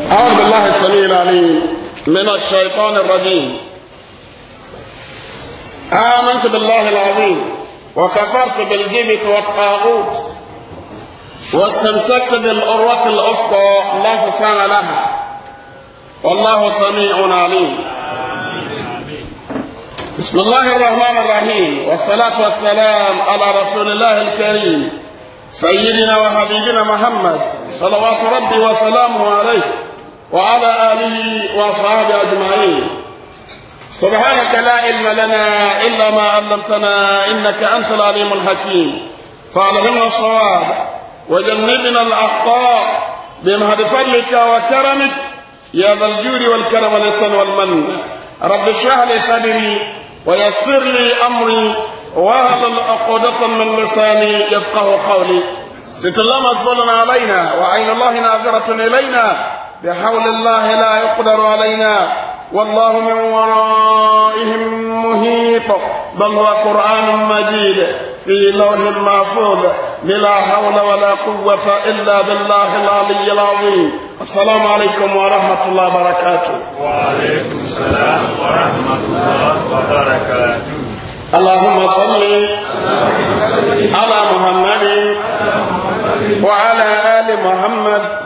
أعوذ بالله السميع العليم من الشيطان الرجيم آمنت بالله العظيم وكفرت بالجبت والطاغوت واستمسكت بالعروة الأفقى لا فسان لها والله سميع عليم بسم الله الرحمن الرحيم والصلاة والسلام على رسول الله الكريم سيدنا وحبيبنا محمد صلوات ربي وسلامه عليه وعلى آله وأصحابه أجمعين سبحانك لا علم لنا إلا ما علمتنا إنك أنت العليم الحكيم فألهمنا الصواب وجنبنا الأخطاء بمهد فضلك وكرمك يا ذا الجود والكرم والإحسان والمن رب اشرح لي صدري ويسر لي أمري وهب عقدة من لساني يفقه قولي ست الله مقبول علينا وعين الله ناظرة إلينا بحول الله لا يقدر علينا والله من ورائهم مهيط بل هو قرآن مجيد في لوح محفوظ بلا حول ولا قوة إلا بالله العلي العظيم السلام عليكم ورحمة الله وبركاته وعليكم السلام ورحمة الله وبركاته اللهم صل على محمد وعلى آل محمد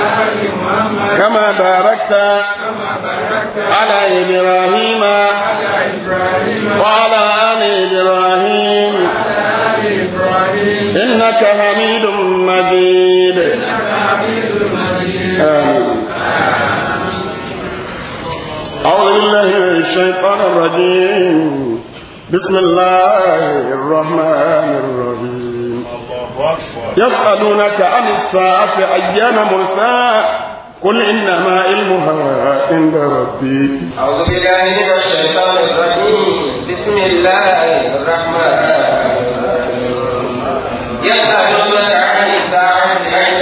كما باركت على إبراهيم وعلى آل إبراهيم إنك حميد مجيد أعوذ بالله من الشيطان الرجيم بسم الله الرحمن الرحيم يسألونك عن الساعة أيان مرساء قل إنما علمها عند ربي أعوذ بالله من الشيطان الرجيم بسم الله الرحمن الرحيم يسألونك عن الساعة أيان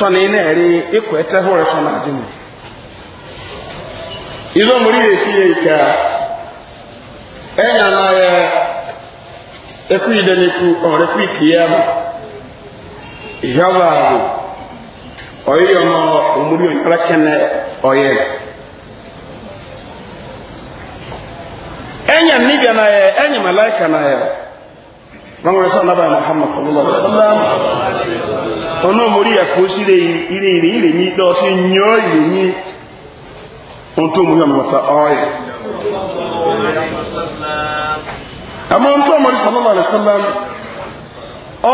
sọ na iná na ikọ̀ ẹ̀tẹ́ hó rẹ̀ sọ náà dín ní. ìlú mi rí èsì ìkà ẹ̀yàn náà yẹ ẹkú ìdẹ́nìkú ọ̀rẹ́ kú ìkìyà mọ́ ìyáwó ààbò ọ̀yẹ́ ọmọ na òyìnbó kẹ́nẹ́ ọ̀yẹ́ ẹ̀yàn ọ̀nà mórí ẹ̀kọ́ sí ilé ìrìn ilé ní lọ sí yọ́ ilé ní ohun tó mú yọmọ ta ọ́yẹ̀ àmọ́ ohun tó mọ̀rí sọ́lọ́lọ́ àrẹ́sọ́lọ́m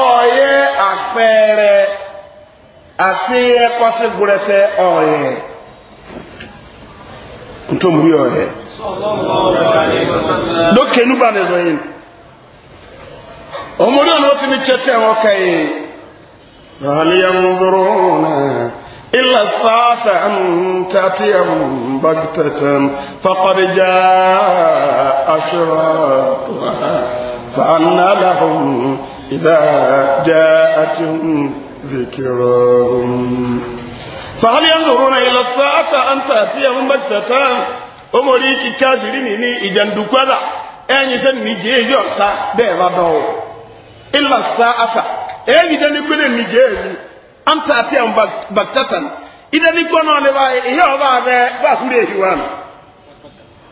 ọ̀yẹ́ àpẹẹrẹ àti ẹ̀kọ́ sí gbúrẹ́tẹ́ ọ̀yẹ̀ ohun tó mú yọ̀ọ̀yẹ̀ lókè nígbà nìzọ̀yìn ọmọdé ọ̀nà ó fi mi tẹ́tẹ́ wọn kẹ́yìn فهل ينظرون إلا الساعة أن تأتيهم بغتة فقد جاء أشراطها فأنى لهم إذا جاءتهم ذكرهم فهل ينظرون إلى الساعة أن تأتيهم بغتة أمريكي كاجرين إجندوكوذا أين يسمي جيجوسا دو إلا الساعة eyi dɛ ne gbɛdɛ ni gye eyi am taate am baktatan ida ni gbɔnɔ ne ba ehe ɔba bɛ ba kuru ehi wa no.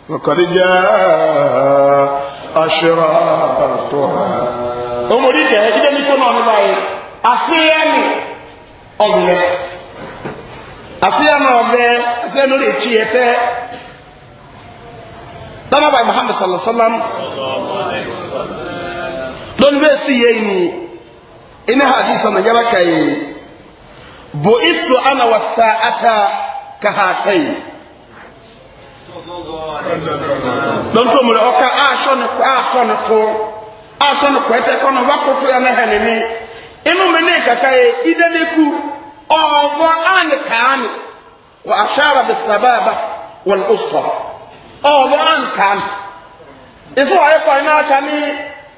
wakari jaa asera tɔha. omori sɛ ida ni gbɔnɔ ne ba ye aseɛ ni ɔgbɛ aseɛ na ɔgbɛ aseɛ na ɔde etwi yɛ tɛ dana ba muhammed sallallahu alaihi wa sallam lɔnni bɛ si yɛ yi ni ina hadisa na yara kai bu'ithu ana wasa'ata ka hatai don to mu oka a sho ne a sho ne to a sho ne kwete ko no wakoto ya na hanini inu me ne kaka e idane ku owo an kan wa ashara bis sababa wal usfa owo an kan isu ayi ko ina kan ni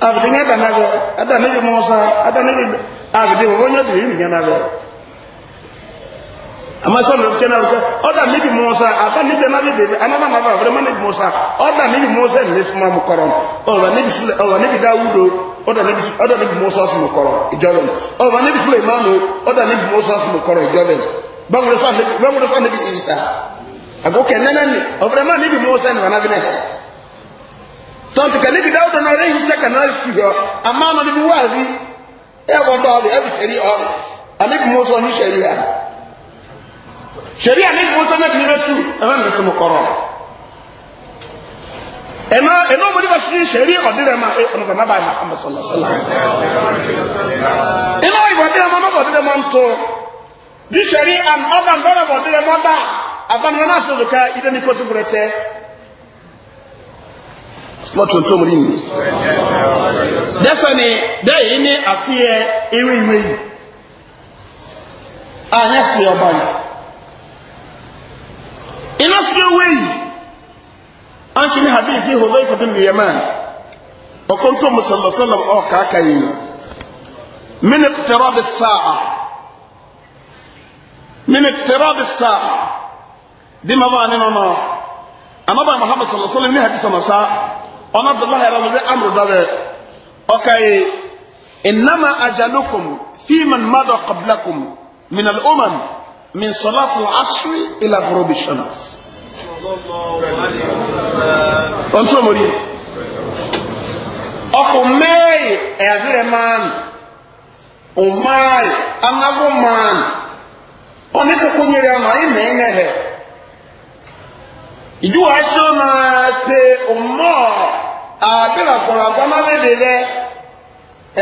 abidinga da na bɛ ada ne bi mɔsa ada ne bi abidi o wonya bi ni nyana bɛ ama sɔn do kɛnɛ o ɔda ne bi mɔsa aba ne bɛ na bi bebe ana ma na ba wɛrɛ ma ne bi mɔsa ɔda ne bi mɔsa ne suma mu kɔrɔ ɔba ne bi sule ɔba ne bi da wudo ɔda ne bi ɔda ne bi mɔsa sumu kɔrɔ ijɔ bɛ ɔba ne bi sule imaamu ɔda ne bi mɔsa sumu kɔrɔ ijɔ bɛ sɔn ne bi bangolo sɔn ne bi isa ago kɛ nɛnɛ ni ɔfɛrɛ ma ne bi mɔsa ne ba na bi ne kɛ tonti ka nibi dawuda na rehi chaka na su hɔ ama no nibi waazi ɛwɔ dɔɔli ɛbi shari ɔli anibi musa ni sharia sharia nibi musa na tini bɛ su ɛfɛ mi sɔmu kɔrɔ ɛnɔ ɛnɔ mo ni ba su shari ɔdi dɛ ma ɛ ɔnu bɛ ma ba yi ma ama sɔlɔ sɔlɔ ɛnɔ yi ɔdi dɛ ma ɔnu bɛ ɔdi dɛ ma nto bi shari an ɔba ndɔrɔ bɛ ɔdi dɛ ma ba abanimɛ na sɔrɔ ka ibe ni kosi burɛ tɛ slọtun tó múrí mi dẹ́sẹ̀ ni dẹ́yìí ní àfihẹ ewé ìwé yìí àyẹ́ sí ọba yìí iná sí ewé yìí a ń fi ní hadith ní hùwẹ́ ìfọ̀dún ní yẹmẹ́ ọkùn tó mùsùlùmí ọ̀kàkà yìí mini tẹ̀rọ̀dì sáà mini tẹ̀rọ̀dì sáà dí ma bá nínú náà àmọ́ bá muhammad sallallahu alaihi wa sallam ní hadith sàmàsáà ọmọ abdullahi aramuzẹ amuru dọbẹ ọkàyè ìnáma ajalukum fíìmàn mádọ kọblakum minal oman min sọláfù asúrì ilà gorobi sọnas. ọ̀n tí o mọ̀ rí ọkọ̀ mẹ́ẹ̀ẹ́ ẹ̀ẹ́dẹ́rẹ́ máa ń ọmọye anago man ọne koko nyere ama ayi mẹ ẹnẹ ìdúwàá sọ náà pé ọmọ. abira kɔrɔ agbamale de lɛ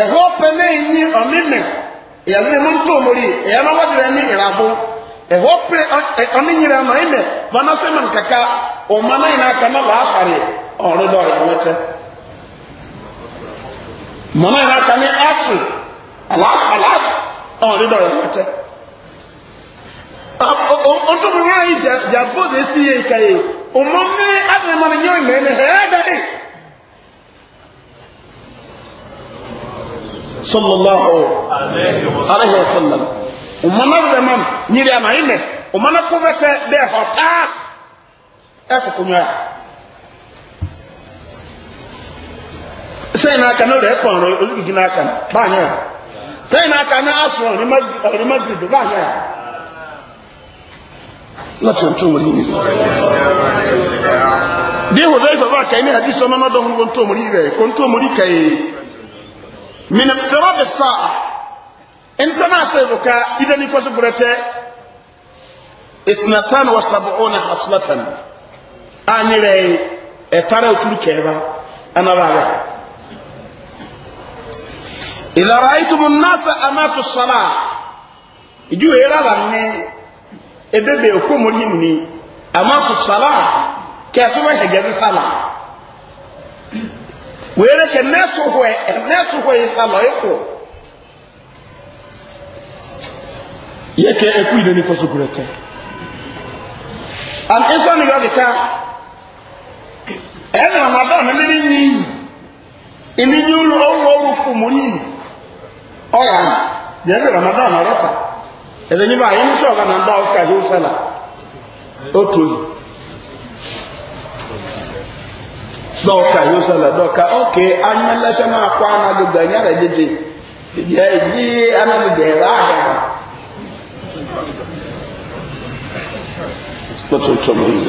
ɛhɔ pɛ ne yi ɔmimɛ ɛyàlóye mo ń tó omori ɛyàló wà dirɛ ní ìlàbó ɛhɔ pɛ kaka na aka na laasari ɔrɔ dɔ n'aka asi alas alas ɔrɔ dɔ ɔtɔmɔ yɛ ayi dza de si yɛ صلى الله عليه وسلم ومن زمان نيري انا ايمه ومن كوفت ده هتا افكونيا sẹ́yìn náà kan náà rẹ̀ pọ̀n rẹ̀ olùgbìgì náà kan báyẹ̀ à sẹ́yìn náà kan náà sùn ọ̀rẹ́ mọ́gbìdì báyẹ̀ à láti ọ̀tún wọlé ní bí ìwòdó ìfọ̀bá kẹ́ ní àdísọ́ mọ́nà ọdọ́ ohun kó ń tó mú rí rẹ̀ kó ń tó mú rí kẹ́ yìí من اقتراب الساعة إنسان أسيبك إذا نكوش بريتي اثنتان وسبعون حصلة أني لي أتاري وتركيبا أنا رابع إذا رأيتم الناس أمات الصلاة إجو إيرا لأني إبebe okomori mu ni amatu sala kẹsùn wẹ́hẹ̀gẹ́sì sálà were ke mesuhwe mesuhwe isalo iko yeke ekuido ni kosukurete an eso ni yobika en ramadan ni ni ni ini ni ulu ulu ulu kumuri oya yebe ramadan arata ebe ni anyị yin so na mba o ka otu oge. dɔwɔka yi wosɔ la dɔwɔka ɔke anyalɛsɛ maa kɔ anagbegbe nyara dede yɛ yi anagbegbe yɛ baa yɛ lọtọ tọmọ yìí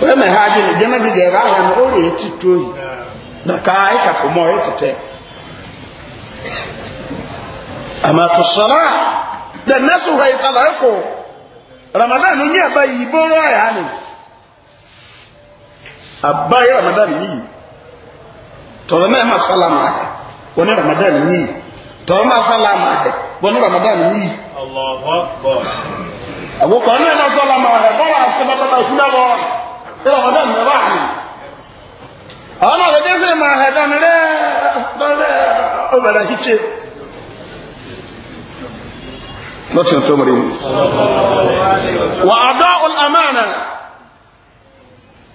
fẹmẹ ha di ni jẹmẹ gidi ẹrọ ahọ ni ó lè ti tó yìí dọka ẹka kò mọ ẹ tẹtẹ àmà tó sọrọ a dẹ nẹsùn rẹ ìsàlẹ ẹkọ ramadan ní ẹbá yìí bọrọ ẹ hàn ni abayi ramadan yìí tọrọ náà ma sálámà rẹ wọn ní ramadan yìí tọrọ náà sálámà rẹ wọn ní ramadan yìí. àwọn kan náà ma sálámà rẹ bọ́lá àti bàbá ìṣúná bọ́ ní ramadan yìí bá mi. àwọn náà lè máa hẹ dánù rẹ dánù ọbẹ̀rẹ̀ ṣíṣe. lọ́tí ọ̀tọ́ mọ̀rẹ́ mi. wà á dọ́ ọ̀l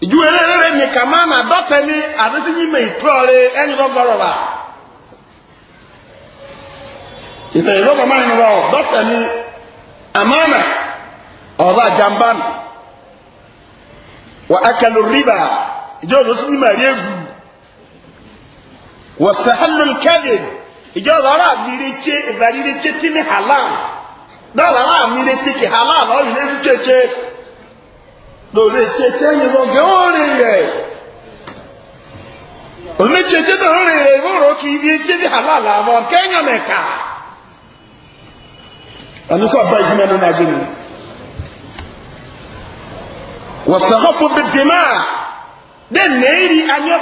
ìjúwèrèrè ní kàmánà dọ́tẹ̀ ní àdísíyìmẹ̀ ìtọ́ọ̀rẹ́ ẹ̀yìn lọ́gọ́rọ̀ bá ìfẹ̀ ìlọ́gọ̀ máa ń rọ dọ́tẹ̀ ní àmánà ọ̀rọ̀ àjàmbán wà ákàlù rìbà ìjọ òdòsíyìmẹ̀ rí egwu wà sàhálù kẹ́lẹ̀ ìjọ ọ̀rọ̀ àmìrẹ́kẹ́ ìbàrírẹ́kẹ́ tí ní halal dọ́ọ̀rọ̀ àmìrẹ́kẹ́ halal ọ̀rọ̀ ìrẹ́kẹ́ lórí tsetse yìí lọ gẹ ó rí rẹ òní tsetse náà rí rẹ ìwúrò kì í di etí ní halal àbọ kẹnyà mẹka ẹni sọ bá ìdí mẹnu na gbẹmí wọ́sàkọ́fọ́ bẹ̀tẹ̀ máa dé nẹ́ẹ̀rì anyọ́rọ̀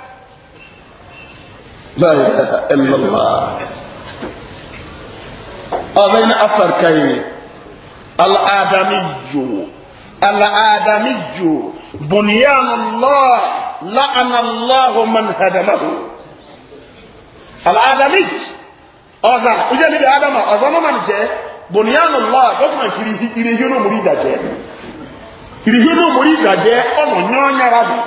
لا إله إلا الله أذين أفركي الآدمي الآدمي بنيان الله لعن الله من هدمه الآدمي أذا أجل بآدم أظن من جاء بنيان الله دفن إليهنو مريدا جاء إليهنو مريدا جاء أظن نيان يرابي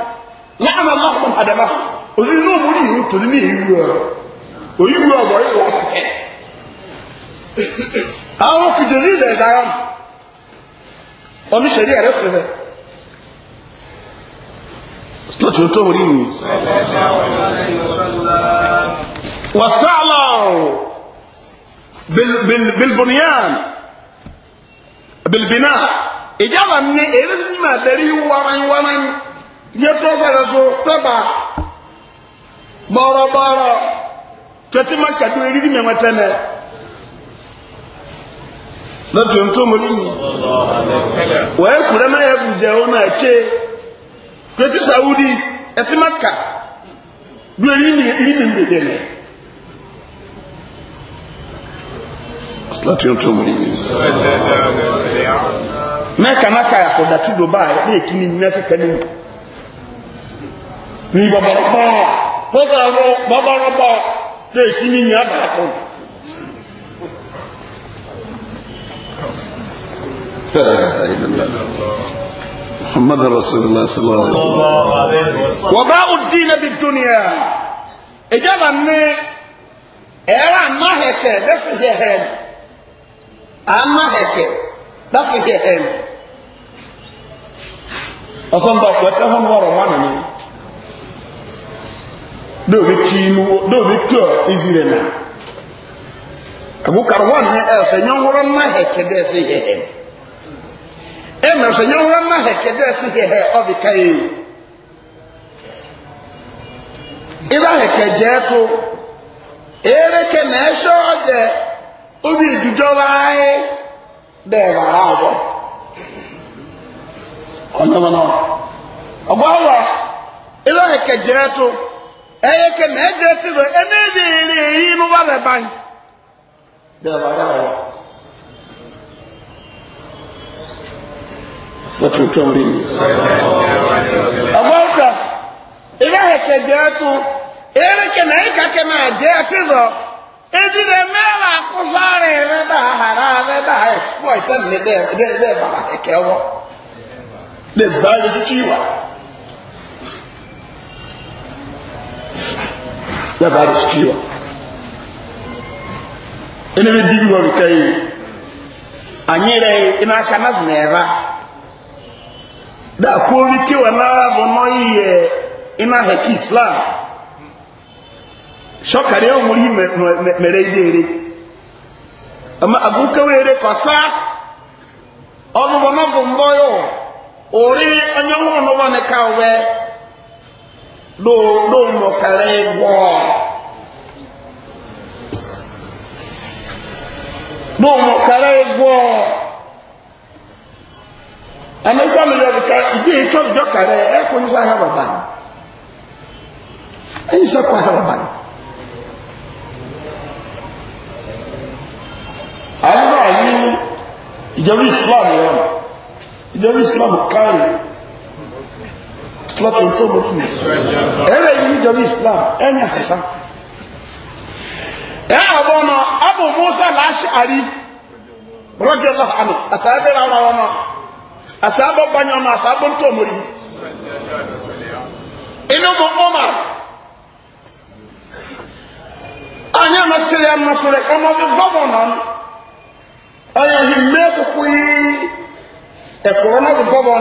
لعن الله من هدمه òní náà mo ní ìwé tòní ní ìwé ọ òyìnbó ọ̀bọ̀ yìí wọ́n fẹ́ àwọn kìdè ní ilẹ̀ ẹ̀dá yọ̀n ọmọ ìṣẹ̀lí ẹ̀rẹ́ fẹ́ fẹ́ slọ́tì ó tó mo ní ìwé. وسعلوا بال بال بالبنيان بالبناء إجابة من إيه ما دري وراي وراي يتوفى رسول تبع bọ́rọ̀bọ́rọ̀ tẹ́tí má kàdó erírí mẹ́wọ́n tẹ́lẹ̀ lọ́tí ohun tó mọ̀lú yìí wọ́n ẹ̀ kúrẹ́ náà yẹ kùjẹ́ wọn náà ẹ̀kẹ́ tẹ́tí sàwúdí ẹ̀fí má kà dó erírí mẹ́wọ́n tẹ́lẹ̀ láti ohun tó mọ̀lú yìí mẹ́ka náà kà àkọ́dà tí ló bá ẹ̀ ní èkí ní nyẹ́ kẹ́kẹ́ ní ní bọ̀bọ̀rọ̀ bọ́ọ̀ kódà rọ bọ́bọ́rọ́bọ́ lè kí ní ìyá bàtọ̀ محمد رسول الله صلى الله عليه وسلم وباء الدين بالدنيا اجابا ني ارا ما هيك بس هي هن اما هيك بس هي هن اصلا بقى تفهم ورا وانا dóòbí tí inúwó dóòbí tí ọ ìzìrè nà àgùkàrà wọn ní ẹ sẹ nyọnwọrọ nná hẹkẹdẹ ẹsẹ hẹhẹ ẹ mẹ sẹ nyọnwọrọ nná hẹkẹdẹ ẹsẹ hẹhẹ ọbì káyé ìbá hẹkẹdẹ ẹtọ èrèké nà ẹsẹ ọdẹ obi ìdúdọ bẹẹ ọnyọmọ náà ọgbà ɛyɛ kɛ na ɛdɛ ti do ɛna ɛdɛ yɛlɛ yɛyi no wa bɛ ban bɛɛ ba yɛ ayɛ na na ɛyɛ na ɛdɛ ti do ɛdi dɛ mɛɛba akosɔre ɛbɛ da ahara ɛbɛ da exploit ɛni dɛ dɛ ya ba rishikiwa ina bi bibi wa bikai anyere ina aka na zinera da ko rikiwa na bo no iye ina heki islam shokari o muri mere idere ama agunka were kosa ọdụbọ n'ọbụ mbọ ya ori onye nwụrụ n'ụwa n'ịka uwe ló ló mọ kẹrẹ wọ ló mọ kẹrẹ wọ ẹni sọmi lọ bìkà ìdí ìtsọ ìjọ kẹrẹ ẹ kò ní sọ ahẹ bàbá ẹ ní sọ kọ ahẹ bàbá àwọn náà yí ìjọba islam yẹn ìjọba islam káyọ. láti tó mọ̀ fún mi yìí jọ ní islam ẹ̀yìn àṣà ẹ̀ àwọn ọmọ abu musa láṣàárí rọ́jò lọ́hànù àṣàbẹ̀ rárá ọmọ àṣàbọ̀ bányọ ọmọ àṣàbọ̀ tó mọ̀ yìí inú mọ̀ ọmọ anyị amasịrị ya nnatụrụ ọmọdụ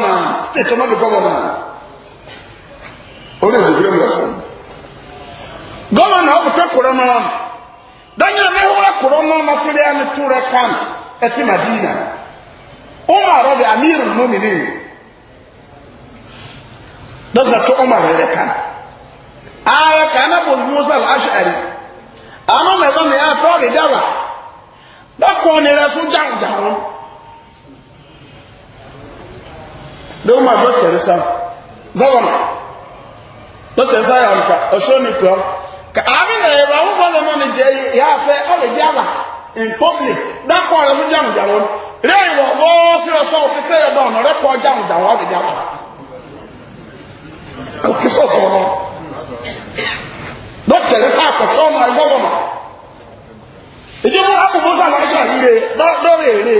mee steeti ọnọdụ gọvanọ ɔno azubire mu ɛso gɔvana ɔbotɔ korɔ no danyɛ ne ho akorɔ no na so deɛ ne to rɛ kam ɛte madina ɔma rɔde amir muminin dɔsna to ɔma rɛ kam ayɛ kana bɔ musa al-ashari ama mɛ bɔ ne atɔ de dala dɔkɔ ne rɛ so gyangyan dɔw ma dɔ kɛrɛ sam gɔvana dɔkita nsa yɛ ɔnkwa ɔsoro ne toa ka ami na yɛ wɔn bɔ lɔnà ne deɛ yɛ afɛ ɔlɛ di ala mpɔbili dakɔ ɔlɛ mo gyamu gyamu rɛyi wɔ wɔɔsi ɔsɔ ɔkete yɛ dɔn ɔlɛ kɔ gyamu gyamu ɔlɛ di ala ɔkisɛ fɔlɔ dɔkita nsa akɔsɔ ɔmo ɛgbɛ wɔn ìdí mo akɔfo sá lọ sá yire lọrọ èrè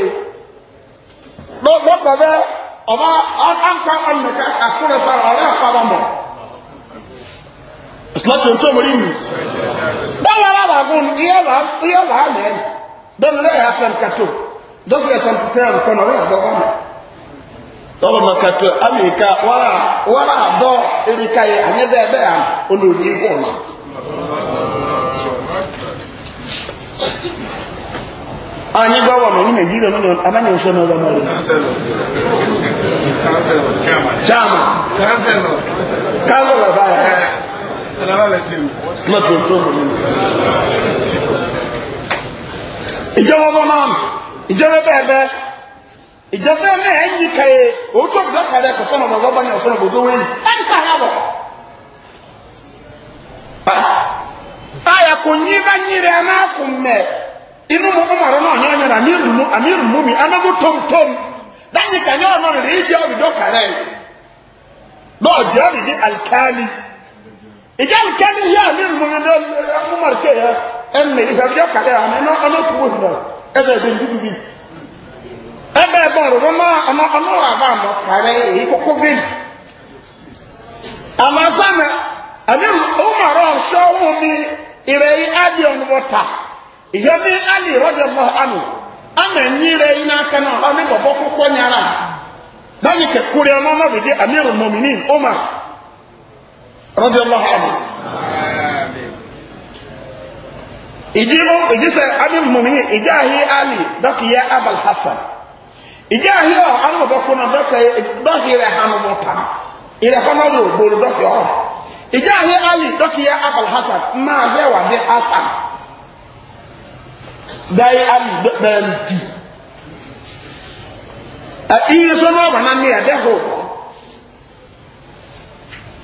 lọ gbọdọ bẹ ọba ankwa ọmọ nìkan akórè sá ọrẹ àpamọ ìsìláṣẹ tó mọ̀ nínú báwọn aláàgùn ìyẹ́lá mẹ́rin dọ́nà lẹ́yà afẹ́nkàtó dọ́fẹ́ sàmùtẹ́ àrùkọ́nà wọ́n àbọ̀ wọn lọ́wọ́ mọ̀kàtó amẹ́ríkà wọ́n àbọ̀ erika yẹ ànyẹ́bẹ́ẹ̀bẹ́ à olóòdì ìwọ̀n anyị gbawa na onye naijiria nọ amanye nso na ọba mmadụ chairman chairman kansụlọ baya ìjọba ọmọ náà ìjọba bẹ́ẹ̀bẹ́ ìjọba náà ẹ̀yìn kẹyẹ òótọ́ ìdákàdẹ kọ̀sọ́nà ọmọ ọgbọ́n yẹn ọ̀sọ́nà gbogbo wẹ́yìn ẹni sáyà bọ̀ ayà kò yí bá yí rẹ̀ náà kò mẹ́ inú mọ́ ọmọ rẹ̀ náà yẹn yẹn àmírù mú mi anáwó tómtóm dáyìí kẹyẹ ọ̀nà rẹ̀ ìjẹ́ ọ̀dọ́ kàrẹ́ lọ́ọ̀dì ọ̀dì ìjáde kẹ́ni yá ní ìmúni ní ọmọdé kéèyà ẹnì ìfẹ̀bíyà kàlẹ́ n'aka nyara. رضي الله عنه إجيبهم إجيس أبي المؤمنين إجاهي علي دك يا أبا الحسن إجاهي أنا بكون دك دك إلى هنموتا إلى هنمو بول دك يا إجاهي علي دك يا أبا الحسن ما جوا دي حسن داي علي دك داي جي أي سنة بنا نيا ده هو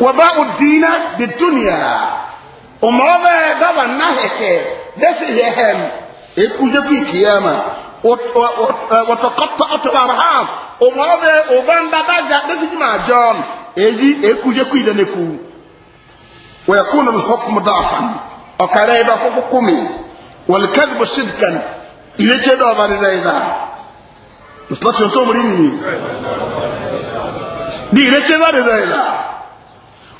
waba odina de dunia ɔmɔɔbɛ daba nna hɛhɛ dɛsɛ hɛhɛm ekudze bi kiyama wɔtɔkɔtɔ e, ɔtɔbaraham ɔmɔɔbɛ ɔbɛndadaja dɛsɛ bi maa jɔn eyi ekudze kui dɛ neku wɔyɛkun na hɔkum dɔɔfan ɔkara yi ba koko kumi wɔlikɛzi bɔ sidkan iretse dɔɔba de dɛ yi da musulman tuntun mu ni nini bi iretse ba de dɛ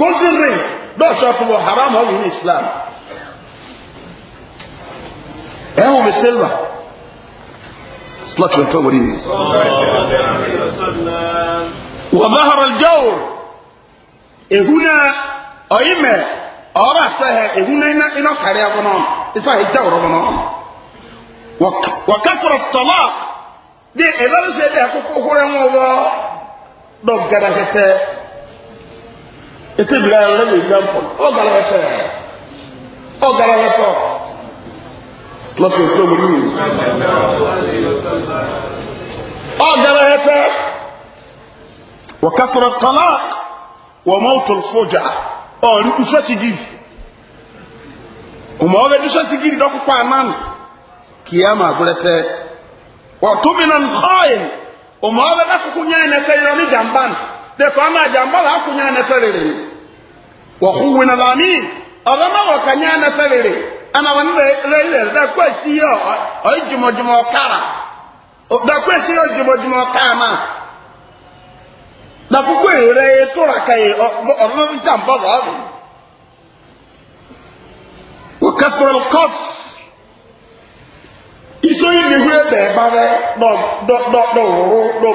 golden ring dọ́ọ̀ṣọ́ tó wọ haram ọ̀rọ̀ ní islam ẹ̀wọ̀n mi silva slọ́tù ẹ̀tọ́ wọlé ni. wọ́n bá hàrọ̀ jọ́wọ́ ehuna ọ̀yìnmẹ̀ ọ̀rọ̀ àtọ́ ẹ̀ ehuna iná kárí ẹ̀kọ́ náà isa ẹ̀ jẹ́ ọ̀rọ̀ náà wọ́n kásọ̀rọ̀ tọ́lá bí ẹ̀lọ́rìsẹ̀ ẹ̀dẹ̀ àkókò hóra wọn wọ́ dọ̀gàdàkẹ́tẹ́. ètò ìbílẹ̀ ẹ̀rọ lẹ́nu example ọ̀gára ẹ̀fẹ̀ ọ̀gára ẹ̀fẹ̀ lọ́sọ̀ tó mú nínú ọ̀gára ẹ̀fẹ̀ wọ̀kásọ̀rọ̀ kọ́lá wọ́n mọ́ tó fọ́jà ọ̀rí kúṣọ́ sí gírì ọmọ ọ̀rẹ́ kúṣọ́ sí gírì dọ́kúpa náà kì í ama agulẹ̀tẹ̀ wọ́n tó mi náà ń kọ́ ẹ̀ ọmọ ọ̀rẹ́ dákúkú nyẹ́ ẹ̀ dẹ̀kọ́ ọmọ àjà na akúnyà nẹ́tẹ́ rere wọ̀húwìn náà lọ́ní ọ̀rọ̀ náà wọ̀ kanyà nẹ́tẹ́ rere ẹnna wọn rẹ̀ rẹ̀ dẹ̀kọ́ èsì yọ ọ̀ ìjùmọ̀jùmọ̀ kára dẹ̀kọ́ èsì yọ ni hu ebe ebe dọ̀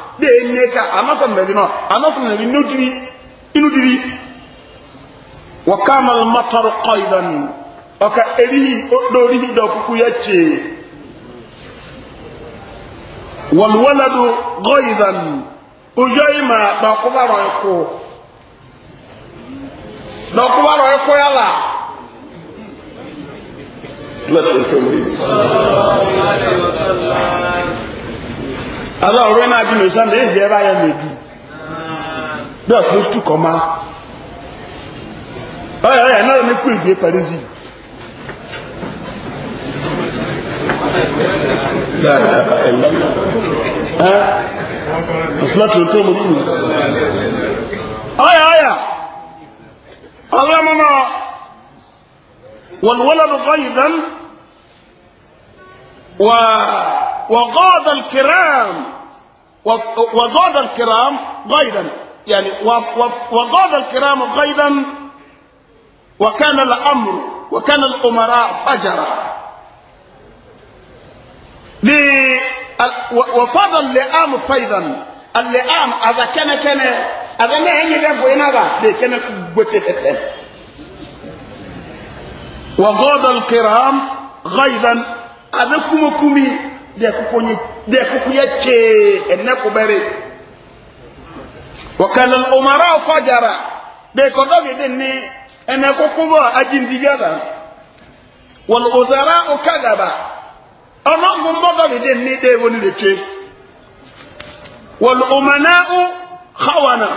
de nye ka amasa mɛri nɔ amasa mɛri n'o diri inu diri wa kaama matar kɔyidan ɔka da kuku ya tse walwalado gɔyidan ojoyi ma dɔkuba rɔ ɛko dɔkuba rɔ ya ala ọ̀rọ̀ náà bí mẹ́sàn lè yẹ báyẹ̀ lòdì bí ọ̀pọ̀ oṣù kọ̀ máa ọ̀yọ̀ ọ̀yọ̀ náà ní kú ìfẹ́ pàrísì ọ̀yọ̀ ọ̀yọ̀ ọ̀rọ̀ mọ́mọ́ wọ̀lúwọ́lọ́ و... الكرام وقاد الكرام غيظا يعني وقاد الكرام غيظا وكان الأمر وكان الأمراء فجرا وفضل اللئام فيضا اللئام هذا كان كان هذا ما هي ذنب إنها كان قتلتين الكرام غيظا abe kumokumi deɛ koko nye deɛ koko yɛ kyee ɛnɛ kobɛre wɔkɛlɛ ɔmara ɔfajara deɛ kɔdɔ bi de ne ɛnɛ koko bɔ agyindigada wɔn ɔzara ɔkagaba ɔno ŋgɔmbɔdɔ bi de ne deɛ wɔn de kye wɔn ɔmanaa ɔhawana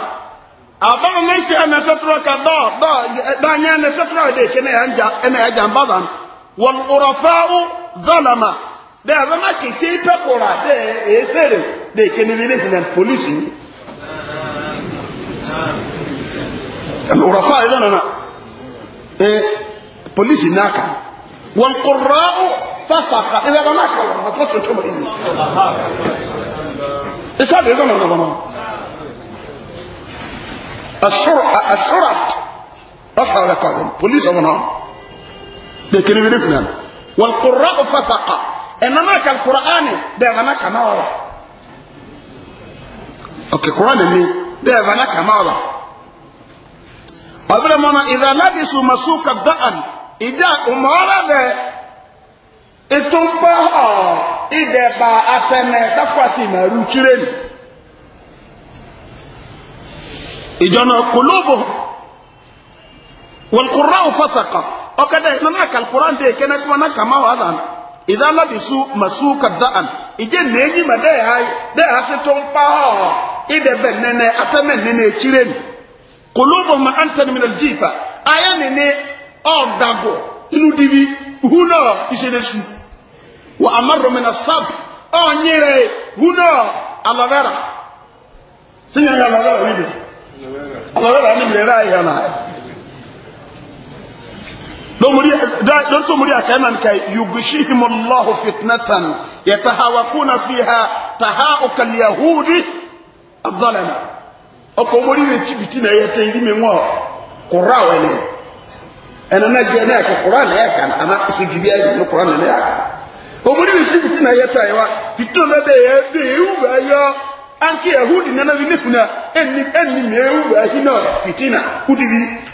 abawo ne nhyɛ ne tɔtɔrɔ ka dɔɔ dɔɔ danyɛ ne tɔtɔrɔ de ke yɛ agya ɛna yɛ agya mbadan wɔn ɔrɔfaa ɔ zalama de azama kese pepora de esere de kenibile hinan polisi العرفاء إذن أنا إيه بوليسي ناكا والقراء فسقا إذا بناك ما تفضل شو مريزي إيش هذا إذن أنا بنا الشرع الشرع أشعر لك بوليس أمنا لكن يبنك نعم والقراء فسقا انما كالقران ده انا كما هو اوكي قران مي ده انا كما هو قبل ما اذا لبسوا مسوك الدقن اذا امر ده اtumpa ha ideba afeme takwasi maru chiren ijona kulubu والقراء فسقا okada nana na kal qur'an de kana tuma na kama wa dan idan labisu masuka da'an ije nenyi ma de hay de asitum pa ho ide benene atamen nene chireni qulubum anta min aljifa ayane ne ọ̀dàgọ̀ inú dìbí húnà ìṣẹ́lẹ̀ṣù wà àmàrọ̀mìnà sáàpù ọ̀nyẹ́ rẹ̀ húnà alọ́rẹ́rà sí yẹn alọ́rẹ́rà níbi alọ́rẹ́rà níbi rẹ̀ ráyẹ̀ náà don to muri aka nan kai yugshihim Allah fitnatan yatahawakuna fiha tahawuk al-yahudi adh-dhalama oko muri ne fitina yete irime nwo qura wele ana na je na ko qura ne kan ama isujidi ayi no qura ne aka o muri ne fitina yete ayo fitina de ye de u ayo anki yahudi nana bi ne kuna enni enni me u ayi no fitina udiri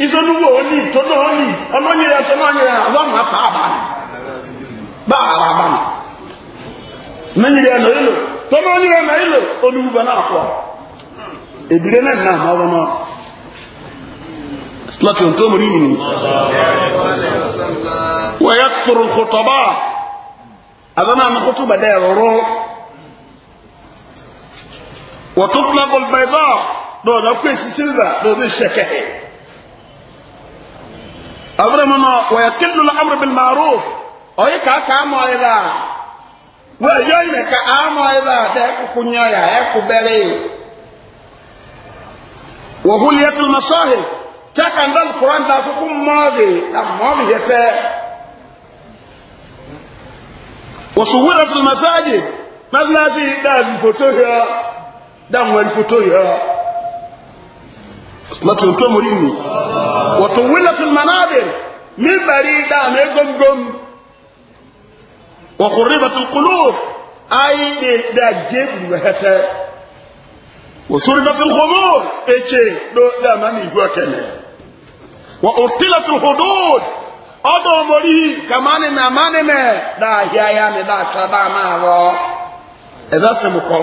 ìsọdúnwó òní ìtọ́nà òní ọlọ́nyẹrẹ ìtọ́nà ọ̀nyẹrẹ àwọn àpá àbáni bá àwọn àbáni mẹ́nyẹrẹ ẹ̀nà ìlò tọ́nà ọ̀nyẹrẹ ẹ̀nà ìlò olùgbùgbà náà pọ̀ èbìrẹ́ náà nà mọ́ ọmọ na ohun tó Na rí yìí ni wọ́n yẹ kúrò kòtọ́bà àbámá àmàkótó bàdẹ́ ẹ̀rọ wọ́n tó kúlákọ̀ọ́ bẹ́ẹ̀ bá lọ́ọ̀dọ́ أبرمنا ويقل الأمر بالمعروف أيكا كاما إذا ويجينك أما إذا تأكو كنيايا أكو بري وهلية المصاهب تكن ذا القرآن لأفكم ماضي لأمام يتاء وصورة المساجد ماذا الذي دام فتوها دام والفتوها láti ohun tó mú rí mi wọ̀tún wílẹ̀tún manáàdìr ní bẹ̀rí dáàmì gómgóm wọ̀kùn rí bàtún kúlù ayé ní dàjé bùhẹ́tẹ́ wòsúrí bàtún kòmó èké ló dáàmà ní ìgbó kẹlẹ̀ wọ̀ òtílẹ̀tún hudud ọdọ̀ mọ̀rí kàmánì mẹ́ àmánì mẹ́ dáàhíáyá mi dáàkà dáàmà rọ ẹ̀dá sẹ́mu kọ́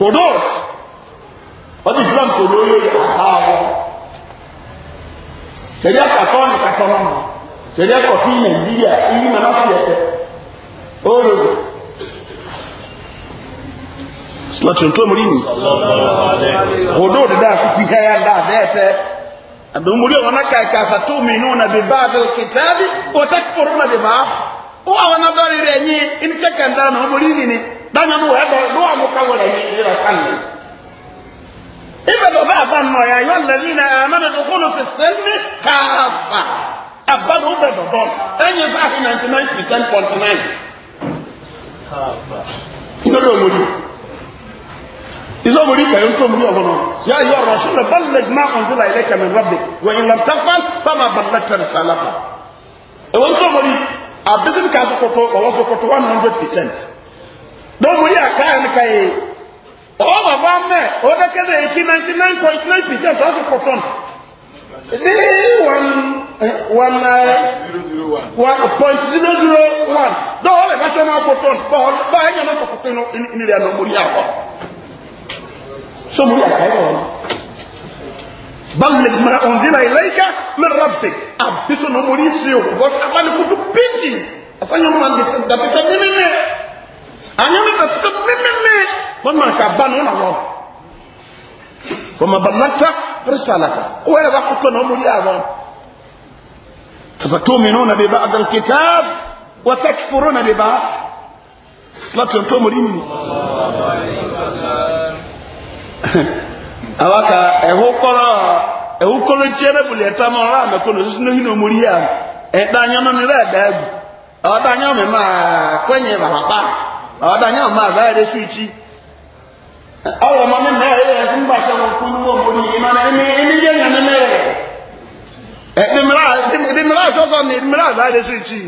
kodot ọdún islam kò lóye àtàwọ sẹ̀díà kàtọ́ ní kàtọ́ náà sẹ̀díà kọ̀fí nàìjíríà ìyí màmá sí ẹ̀tẹ̀ ó lòdì sọtún tó múrí mi kodot dáa kúkú ihe ya dáa dẹ́ẹ̀tẹ́ àdómúrí ọ̀wọ́n náà kàkà àfàtó mi inú na bèbá àbẹ̀ kìtàbí kò tẹ́kì fòrò na bèbá ó àwọn abẹ́rẹ́ rẹ̀ yín ní kẹ́kẹ́ ń dáa náà ó múrí nìyí dányà mú wẹ́ẹ́ sọ ló wà mú káwọn rẹ̀ yìí rẹ̀ sànni. ìfẹ̀dọ̀ bá a bá ya yọ lẹ́ni na amẹ́ni dùkúlù fi sẹ́ni káfà àbádọ́ bẹ̀ dọ̀dọ̀ ẹ̀yìn sáfì ninety nine percent point nine. ìnáwó ọmọdé ìnáwó ọmọdé kẹ̀yìn tó múlò ọmọ náà yà á yọ ọ̀rọ̀ sọ̀rọ̀ balẹ̀ má ọ̀nzọ́là ilẹ̀ kẹ̀mẹ̀ rọ́bì wẹ̀ ìlàntàfà fáwọn balẹ̀ tẹ̀rẹ̀ sálàtà. ẹ̀wọ̀n tó ọmọdé àbísí dɔnku yà ká yẹn ká yẹ ɔwɔ ma bá mɛ o bɛ kɛ bɛ eighty ninety nine point nine percent o sɔ kɔtɔn ní one one one point zero zero one dɔw bɛ fɛsɛ ma kɔtɔn bɔn bɔn e ɲɛna sɔ kɔtɔn ní ilé ɛnɔ mori yà kɔ so mori yà ká yẹ wɔn balẹ̀ mara ọ̀nzila ìlẹ́yìká mẹ́rẹ́ra bẹ̀ àbísọ̀ nà mori sí o bọ́ abánikutu pínjì àfẹ́yẹ́ wọn ma dàbí tẹ́ mímí mẹ́rẹ́ anyɔnu tɛtɛ mímímí wọn mọ nka ba nínú àwọn fọmọbalata risalata o yɛrɛ b'a kutɔ n'o mori àwọn afatuminuna nabi ba adalkitab watakfuruna nabi ba láti ọ̀n tó mori nìyí. àwọn ka ɛhu kɔrɔ ɛhu kɔrɔ tiɛ bɛ boli ɛta ma ɔrɔ àmɛ kɔnɔ sísun ní hinɛ mori yà ɛdá anyɔnu ni rɛ ɛdá egu ɔdá anyɔnu mi máa kɔnyɛ bàbá fáà. ọ̀dànyà ọmọ àbá ẹ̀rẹ́ sí ìtì ọ̀rọ̀ ọmọ mímọ́ ẹ̀rẹ́ ẹ̀ mgbasa gbàṣẹ wọn kú níwọ̀n bó ní ìmọ̀ ẹ̀mí ẹ̀mí yẹn yẹn mímọ́ ẹ̀ ẹ̀dìmìlá àṣọ́sọ́ ni ẹ̀dìmìlá àbá ẹ̀rẹ́ sí ìtì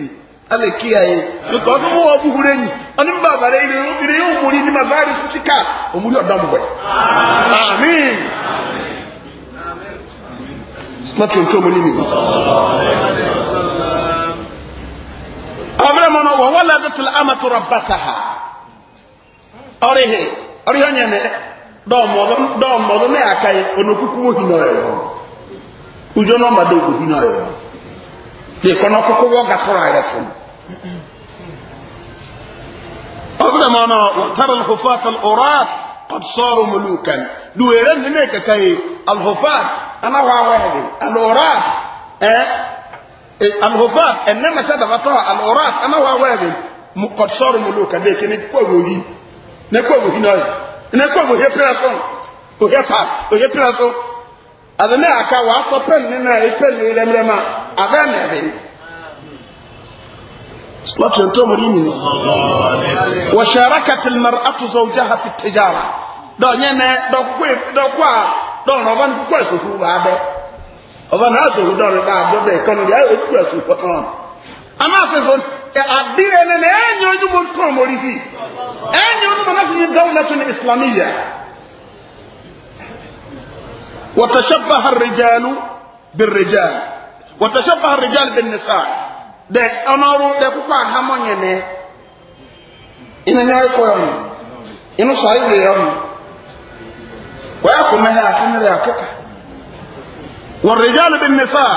eki. kí ayé lùkọ́ fún wọn bú hure ni ọ̀ní bàbá rẹ̀ ìrẹ̀ yóò ɔrihi ɔrihi ɔnyɛnɛ dɔmɔdɔ dɔmɔdɔ ne aka yi onokuku wohi na ɔyɛ hɔ udzo nɔmba de ogohi na ɔyɛ hɔ de kɔnɔ koko wɔ gatɔrɔ ayɛ fún ɔbɛrɛ mu ɔnɔ wɔtara lɔfɔfɔt ɔrɔa kɔt sɔrɔ mulukan duwere ne ne kaka yi alhofat ana hɔ awɔ yɛ de alɔra ɛ alhofat ɛnɛ mɛsɛ daba tɔ alɔra ana mulukan de kene kɔ wɔ n'ekwe omuhi n'ọyị n'ekwe omuhi epere so ohe pa ohe pere so na aka wa afọ pen ne na ne ebe Slọtụ ntọ mụrụ tijara. ba e Ama àdírẹ̀ ẹni ẹ̀yìn onímọ̀ tó mọ̀rí أن ẹ̀yìn onímọ̀ náà fi وتشبه الرجال بالرجال وتشبه الرجال بالنساء ده امرو ده كوكو هاموني ني ان نياي كويم ان صايب يوم ويكون ما هي اكن ريكك والرجال بالنساء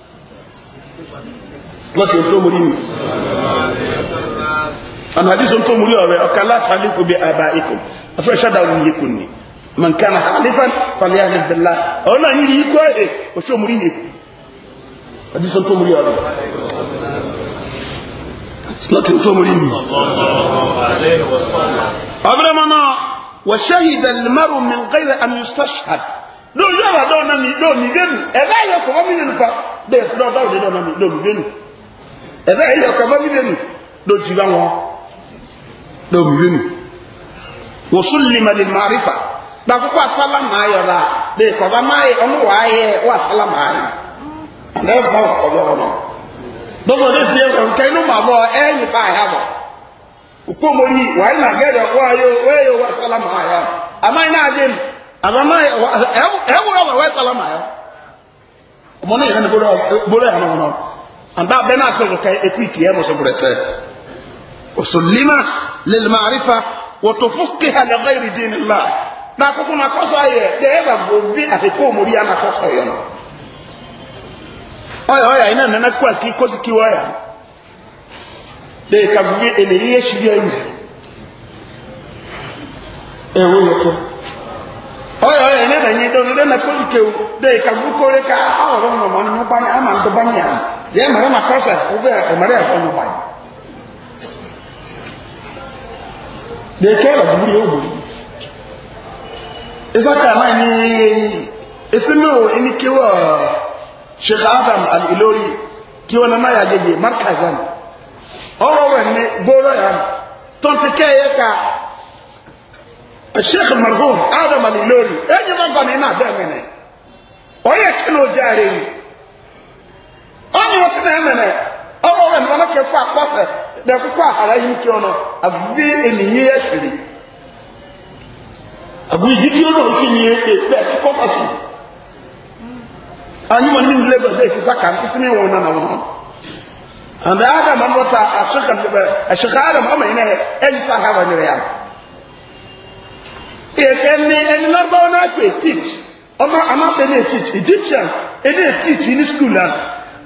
láti ohun tó mú rí mi àmì àdísọ tó mú rí ọ̀rẹ́ ọ̀ka látàlíkù bí àbá ikùn afẹ́ ṣádà òun yìí kù ní mọ̀nkánà àlífà falẹ̀ àlẹ́bẹ̀lá ọ̀rọ̀ náà yìí kọ́ ẹ̀ oṣù mú rí yìí àdísọ tó mú rí ọ̀rẹ́ láti tó mú rí mi. mọ́nà wọ́n ṣẹ́yìn dàlímẹ́rù ebe yìí ọ̀kọ̀ bá bíbẹ̀ nù ló jí bá marifa dàkókò asálàmù dɔbɔ ma bɔ ɛyɛ ya bɔ na gɛdɛ wɔyɛ wɔyɛ wɔ salama ya aman na adi mu abama ɛwɔ ɛwɔ wɔ salama ya ne yɛrɛ bolo yɛ anda bɛn ase ko kai eku ikiya muso burɛtɛ osolima lelmaarifa wɔtɔfukiha lɛgɛyiri diini la na koko na kɔsɔ ayɛ de ɛba govi aheko omori ana kɔsɔ yɛ no ɔyɛ ɔyɛ ina nana kó aki kósi ki wɔya de ka govi ene yi esi bi ayi ɛwɔ yɛ tó ɔyɛ ɔyɛ ina na nyi dɔn ne na kósi kewu de ka govi kóre ka awɔ bɛ mɔmɔ ni mo banya ama ndo banya yẹ mẹrẹ ma kọsẹ ọbẹ ẹmẹrẹ ẹkọ ló báyìí dèké ẹrọ búburú yóò wòye isaka náà ní esinú ẹni kíwọ sheikh adam al-ilori kíwọ náà náà yàgéjì markazan ọrọ wẹ ní gbóró yàn tọ́ntikẹ́ yẹ ká sheikh marhum adam al-ilori ẹ̀yìn bá ń fa ní iná bẹ́ẹ̀ mẹ́rin ọ̀yẹ́ kí ló jẹ́ àrẹ́yìn. onye wọ́n ti na ẹ̀mẹ̀mẹ̀ ọmọ rẹ̀ nínú ọmọkẹ́kọ̀ọ́ a dẹ̀kọ́kọ́ àhàrà yìí kí ọ̀nà àbí ènìyàn yẹ kiri àbú ìdíbí ọ̀nà òsì ni èké bẹ́ẹ̀ sí kọ́fà sí anyuma ní ní lagos teach teach egyptian teach school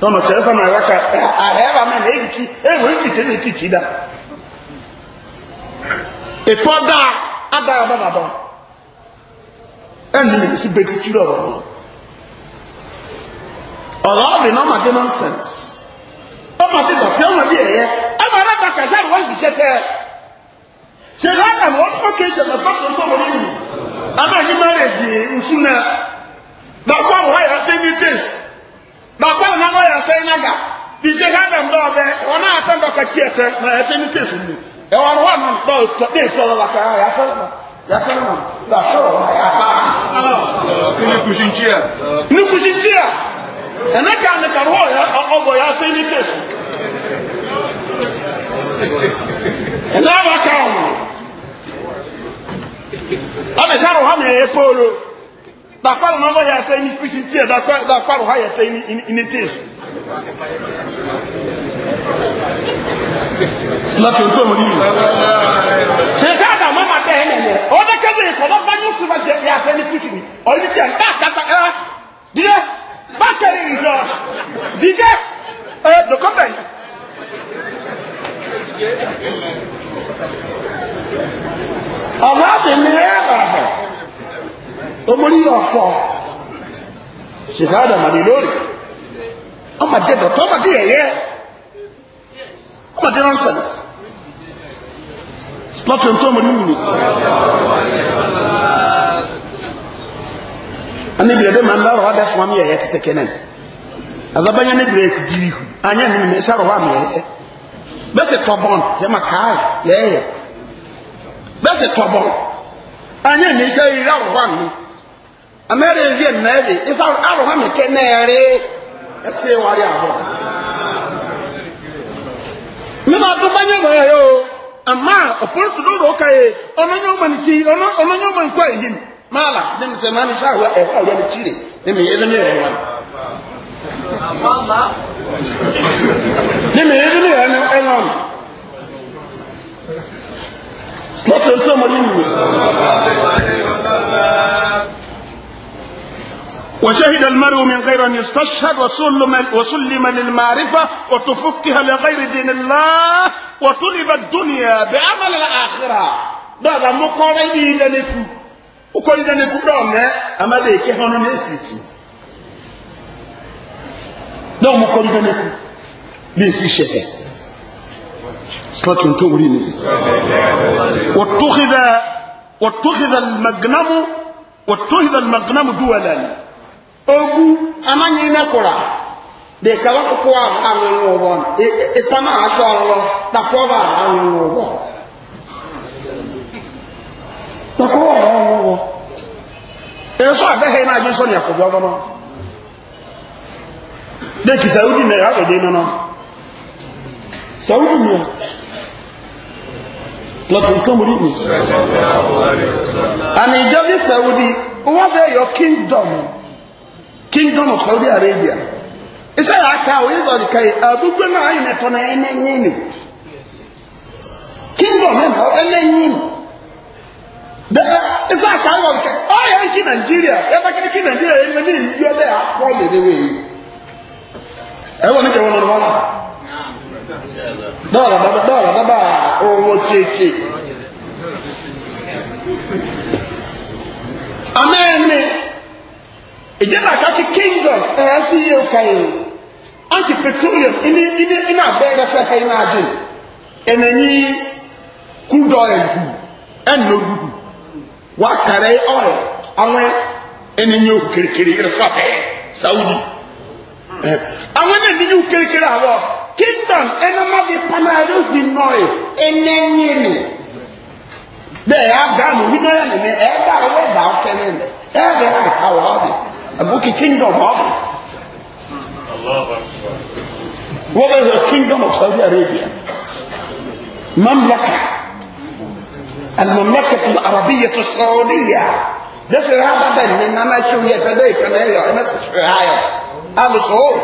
tọ́nà tẹ́ sọ́nà ẹ̀rọ́kà àhẹ́rà mẹ́rin èyí tí èyí tí tí tí tí dá ìpọ́ dá adára bá bàbá ẹni lè fi bẹ́ẹ̀ tí lọ́rọ̀ náà ọ̀rọ̀ ọ̀bì náà máa dé nonsense ọmọ tí bàtẹ́ ọmọ bí ẹ̀yẹ ọmọ rẹ̀ bá kàṣà wọ́n fi ṣẹ́ tẹ́ ṣe láàkà wọ́n tó kéjì ọ̀nà tó tó tó wọ́n nínú abẹ́ẹ̀kí mẹ́rẹ̀ẹ́dì ìṣúná lọ́gbọ́n wọ́n yà bakwa na no ya tɛ naga di se ha dɛm dɔ bɛ wɔn a tɛ ka tiɛ na ɛtɛ ni tɛ si ni ɛwɔ no hɔ no dɔ tɔ de tɔ la ka ya tɛ no ya tɛ e na da sɔrɔ wa ya ba. ni kusi e n tia. ni kusi n tia ɛnɛ ka ne ka hɔ ya ɔbɔ ya tɛ ni tɛ si. wa ka ɔmo ɔbɛ sari hɔ mi yɛ e polo. dakwaro na ɔyɛ ɛtɛ ni pisi tiɛ dakwaro ha yɛ ɛtɛ ni ni tiɛ. láti o tó mu níyì. sèkè àdá mama tẹ ẹ nẹnẹ ọdẹ kẹsẹ yìí kọlọ bá yóò sùnmọ jẹ yà fẹ ni pisi ni ọyẹ ni tiɛ n bá kata ẹ dídẹ bá kẹrì ìjọ dídẹ ẹ dọkọ bẹ. ọ̀rọ̀ àti omori yọ ọtọ ṣèkà àdàmàdì lórí ọmọdé dọ̀tọ́ ọmọdé yẹyẹ ọmọdé nonsense lọ́tọ̀ tó ọmọdé wù mí. ani bìrẹ̀ dẹ́ màá ń lọ́rọ̀ ọ̀dẹ́ fún wa mi yẹyẹ tètè kẹ́ náà azabanya ne bìrẹ̀ dìrì hù anya ni mi sáré wà mí yẹyẹ bẹ́sẹ̀ tọ́bọ̀n yẹ ma káyì yẹyẹ bẹ́sẹ̀ tọ́bọ̀n anya ni sáré yẹ wà mí yẹyẹ. amẹ́rẹ́ evi ẹ̀mẹ́rẹ́ isa arọ̀hán mi kẹ́ na ẹsẹ̀ wárí àbọ̀ mímọ adùn bá nyẹ́ wọ̀nyẹ́ o àmà ọ̀pọ̀lọ́ tó lóru ọ̀ka yẹ ọ̀nọ́nyẹ́ ọmọ nìkí ọ̀nọ́nyẹ́ ọmọ nkọ́ èyí mi máàlà وشهد المرء من غير أن يستشهد وسلم, وسلم للمعرفة وتفكها لغير دين الله وطلب الدنيا بعمل الآخرة دادا مقرأ إيدانكو وقال إيدانكو دوم أما ديك هنا نسيتي دعو مقرأ إيدانكو بيسي شهد صلاة توريني واتخذ واتخذ المغنم واتخذ المغنم دولا ogu amanye ime de dị ka anwe n'ụgbọ ịtana achọ ọrụ na kwọba anwe n'ụgbọ takwọba anwe na ajụ nsọnyị akwụbị saudi na ya abeghi nọ saudi na saudi kingdom kingdom of saudi arabia ɛsɛ yɛ aka a oyi zɔli ka yi abugbe na ayi na tɔ na ɛnɛ nyi kingdom yɛ na ɛnɛ nyi ni dɛ ɛsɛ aka ayi zɔli ka yi ɔyɛ nki nigeria yaba kiri ki nigeria yɛ mɛ ni yi yɛ bɛ akɔ yɛ de wei ɛwɔ ne jɛwɔ lɔlɔ la dɔwɔla baba dɔwɔla baba ɔwɔ tiɛtiɛ amɛn na àkàkí kingdom ẹ̀yà sí iye òkà yìí anti petroleum iná iná iná abẹ́rẹ́ sẹ́kẹ́ iná adé ẹ̀nẹ̀yí kúdọ̀ ẹ̀gù ẹ̀nà ògùgù wà kàrẹ́ ọ̀rẹ́ àwọn ẹ̀nìyàn òkèrèkèrè saudi kingdom ẹ̀nàmọ́dé panayé ni a bookie kingdom of what is the kingdom of Saudi Arabia مملكة المملكة العربية السعودية ده سرها بدن من ما شو يتديك أنا يا ناس في هاي آل سعود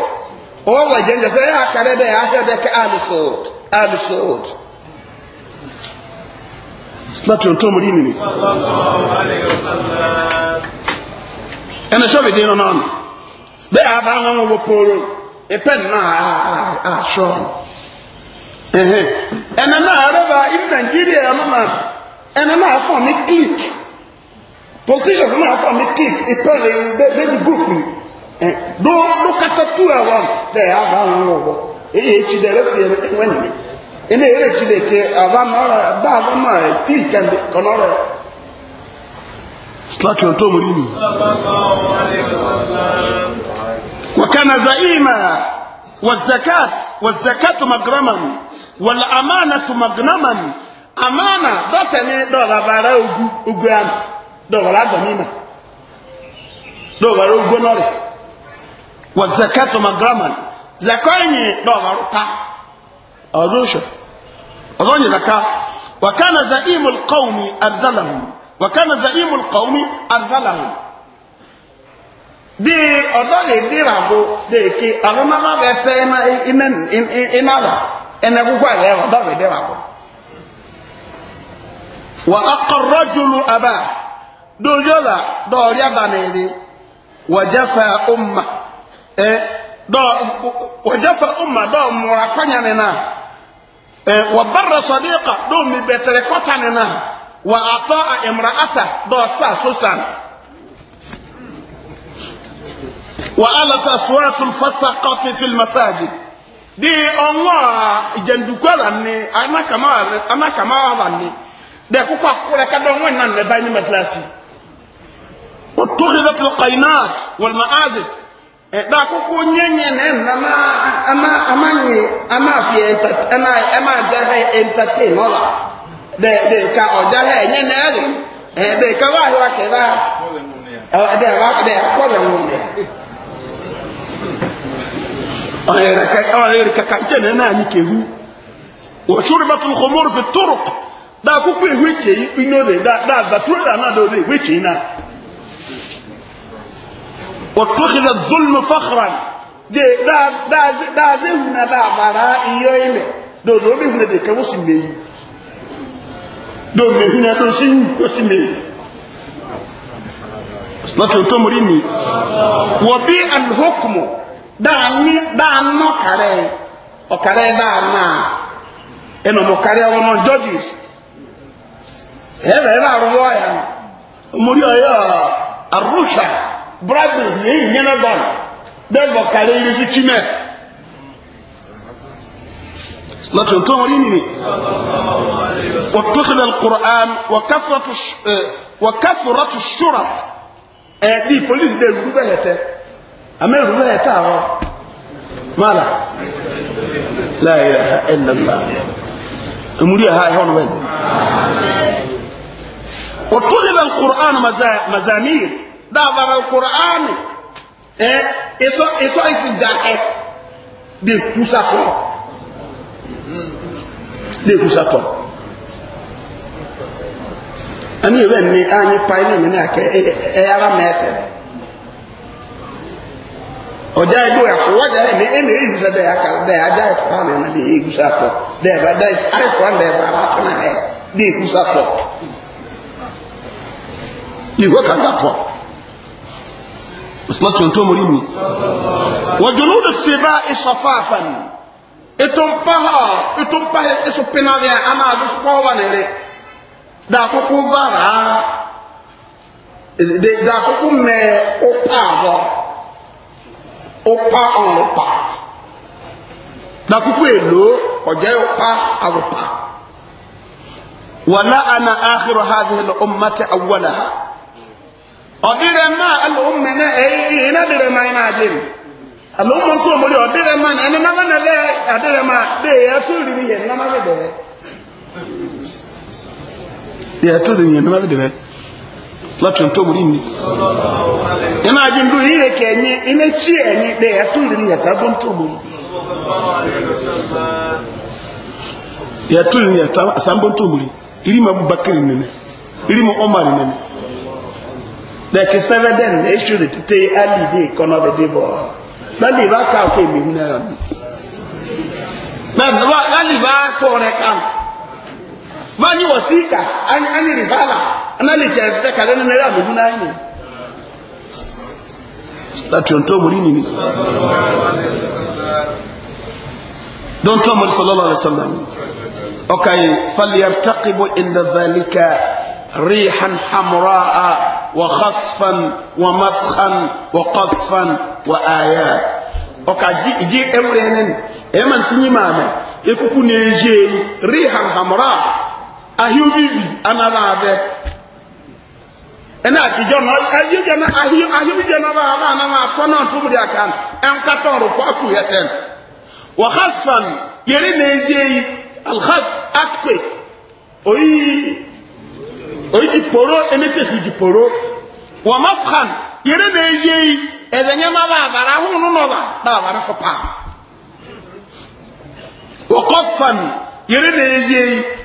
والله جنجة سرها كده ده هذا كآل سعود آل سعود صلاة يوم توم ريمني صلى الله عليه وسلم ɛnɛ sɛ bidi no n'ano bɛɛ aba ahɔn wɔ pooro epɛn na ahyɔ ɛhɛn ɛnɛ na araba ibi nigeria ɛno na ɛnɛ na afɔ mi click politicians na afɔ mi click epɛn bɛ bɛ di group mi do do kata tu awa bɛɛ aba ahɔn wɔ hɔ eye ekyi dɛ ɛsi yɛ ɛwɛ nyɛ ɛnɛ yɛ ekyi dɛ ke aba na ɔrɔ ba aba na ti kɛntɛ kɔnɔ ɔrɔ. صلاة يوم وكان زعيما والزكاة والزكاة مغرما والأمانة مغنما أمانة بطني دورا بارا أغوان دورا غنيمة دورا أغوانوري والزكاة مغرما زكاني دورا تا أزوشة ازوني زكاة وكان زعيم القوم أبذلهم wakana zaimul qawmi azalahum de ọdọ de dirabo de ke anamama bɛ tɛ ina ina ina la ɛnɛ koko ayɛ ɔdɔ de dirabo wa akɔrɔ julu aba dojo la dɔɔri abaneere wajafa umma ɛ dɔɔ wajafa umma dɔɔ mura kpanyane na ɛ wa dɔɔ mi bɛtɛrɛ wa afa a imra'ata dɔɔsa sosan wa alata suwatul fasa kɔti fil masaji di ɔnwɔ jɛndukɔ la ni ana kama ana kama la ni dɛ koko akɔrɛ ka dɔn ŋwɛn na nɛ ba ni masalasi o tohi da tilo kayinat walima azi ɛ da koko nyɛnyɛ dɛdɛ ka ɔdza hɛ ɛnyɛ n'ayɛlɛ ɛdɛ ka wa ayɔ akɛ ba ɛdɛ wa dɛ akɔlɛ ŋu lɛ ɔyɛrɛ kaka ɔyɛrɛ kaka nkyɛn nɛ n'ani kehu wɔsori bɛ tunu xɔmɔri fi torok daa kuku ehu ekye yi ino de daa daa baturu daa na do de ehu ekye yi na wɔtɔkida zolmi fakran de daa daa daa de huna daa mara iyɔ yi mɛ dodo bi huna de kawo si meyi do me hina to sin ko sime slatu to murini wa bi al hukmu da ni da no kare e e o kare da na eno mo kare o no judges e be na ro ya muri ya arusha brothers ni nyana ban da bo kare ni su chime slatu to murini ni واتخذ القرآن وكثرة وكثرة الشرط دي بوليس دي ربا هتا أما ربا هتا مالا لا إله إلا الله أمري هاي هون وين وطلب القرآن مزامير دابر القرآن إيه إيسو إيسو إيسو جاكي دي كوساتو دي كوساتو ani ebe nne anyị paịlị mmiri aka ịyara mmetị ọjà ìlú ẹ̀kọ́ wájà ẹ̀mí ẹ̀mí èyí fẹ́ dẹ̀ aka dẹ̀ ajá ìkọ́ àmì ẹ̀mí dẹ̀ egusi atọ dẹ̀ ẹ̀bá dẹ̀ àìkọ́ àmì ẹ̀bá àtúnà ẹ̀ dẹ̀ egusi atọ ìwé kàkà tọ òsùnmọ́ tuntun mọ̀ rí mi wọ́n jọ̀lọ́ ló ṣe bá ìsọ̀fà àfààní ètò mpáhà ètò mpáhà èso pinnaria àmà àdúsùpọ̀ wà nílẹ̀. dàkókò bàrà dàkókò mẹ a àbọ ọpa ọrùpa ụpa èlò ọjẹ ọpa àrùpa ụpa àna àhìrò hàdìhì lọ ọmọtẹ awọlà ọdírẹ máa ẹlò ọmọ náà èyí iná dìrẹ máa iná àjẹ mi àlọ ọmọ tó ọmọdé ọdírẹ máa ẹni náà náà ya to ni ni ma de be la tun to muri ni ina ji ndu ire ke ni ina chi eni de ya to ni ya sabon to muri ya to ni ya sabon to muri iri ma bakari ni ne iri ma omar ni ne de ke sebe den e shure tite ali de kono be de bo na le ba ka ko e mi na na ba ali ba ko re kan ماني وثيقة أنا أنا رسالة أنا اللي جربت كذا نرى مهنا هنا لا تنتو مريني دون تو مري صلى الله عليه وسلم أوكي فليرتقب إن ذلك ريحا حمراء وخصفا ومسخا وقطفا وآيات أوكي جي أمرين إمن سنيمامي يكوكو نيجي ريحا حمراء ahịa obibi anaghị abịa ɛna akidjɔ nɔ ayidjɔ nɔ ahi ahibidjɔ nɔ baa baa nama akɔnɔ ntubiri aka ɛnkatɔ ɔrɔkɔ aku yɛ tɛn wɔ hasfan yɛri na ezie yi alhas akpe oyi oyi di poro ɛne tɛsi di poro wɔ mashan yɛri na ezie yi ɛbɛ nyɛma baa bara ahun no nɔba baa bara fɔ paa kɔfan yɛri na ezie yi.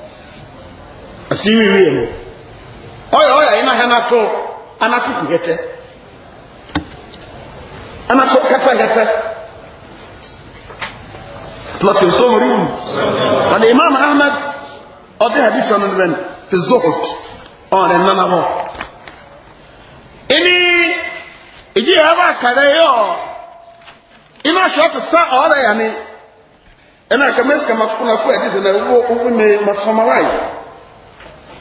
asiriwie no ɔyɛ ɔyɛ ɛyɛ n'ahɛn ato anato kuhɛtɛ anato kɛtɛkɛtɛ tɔtɔ ntɔmori mu Wale imam ahmed ɔde hadisa no bɛn fi zohot ɔne nana hɔ ɛni ɛgye yɛ aba akara yɛ ɔ ina hyɛ te sa ɔɔrɛ yɛ ne ɛna kɛmɛsi kama kuna kó sɛ na ɛwɔ ɔwɔ ne masɔmara yɛ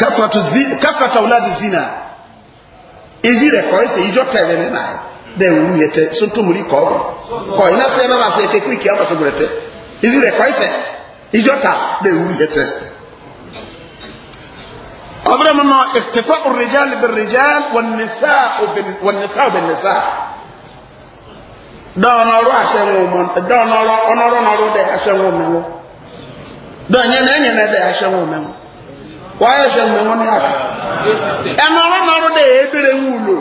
kafrata auladi zina ezi rẹ kọ ẹsẹ ijọ tẹlẹ ní nàá dẹ wúru yẹ tẹ sotomori kọ ọgbọ kọ iná sẹ náà sẹ kékeré kí abọ sọgbọrẹ tẹ ezi rẹ kọ ẹsẹ ijọ ta dẹ wúru yẹ tẹ. ọbẹrẹ mu nọ ìtẹfẹ òrìjàlì bẹrìjàlì wọn nìsa wọn nìsa ọbẹ ahyɛ nwoma dọọ n'ọrụ ọnọrọ n'ọrụ dẹ ahyɛ nwoma wọ dọọ nyẹ na ẹnyẹ na ẹdẹ ahyɛ nwoma wáyẹ̀ṣẹ̀ mẹ́wọ́n ní àkà ẹnu ọlọ́mọrú dẹ̀ ebèrè ń wùlò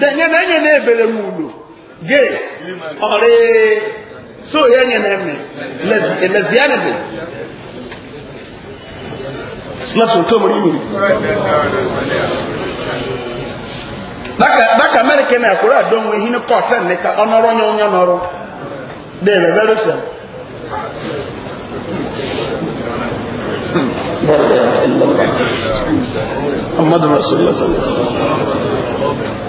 dẹ̀yẹn ẹ̀yẹ na ebèrè ń wùlò gé so yẹ́nyẹ nyene ẹ̀mẹ́ lesbianism slọ́tù tó mọ̀ yìí bákà amẹ́ríkà náà kúrò àdóhùn Muhammadu Rasulullah sallallahu alaihi wasallam.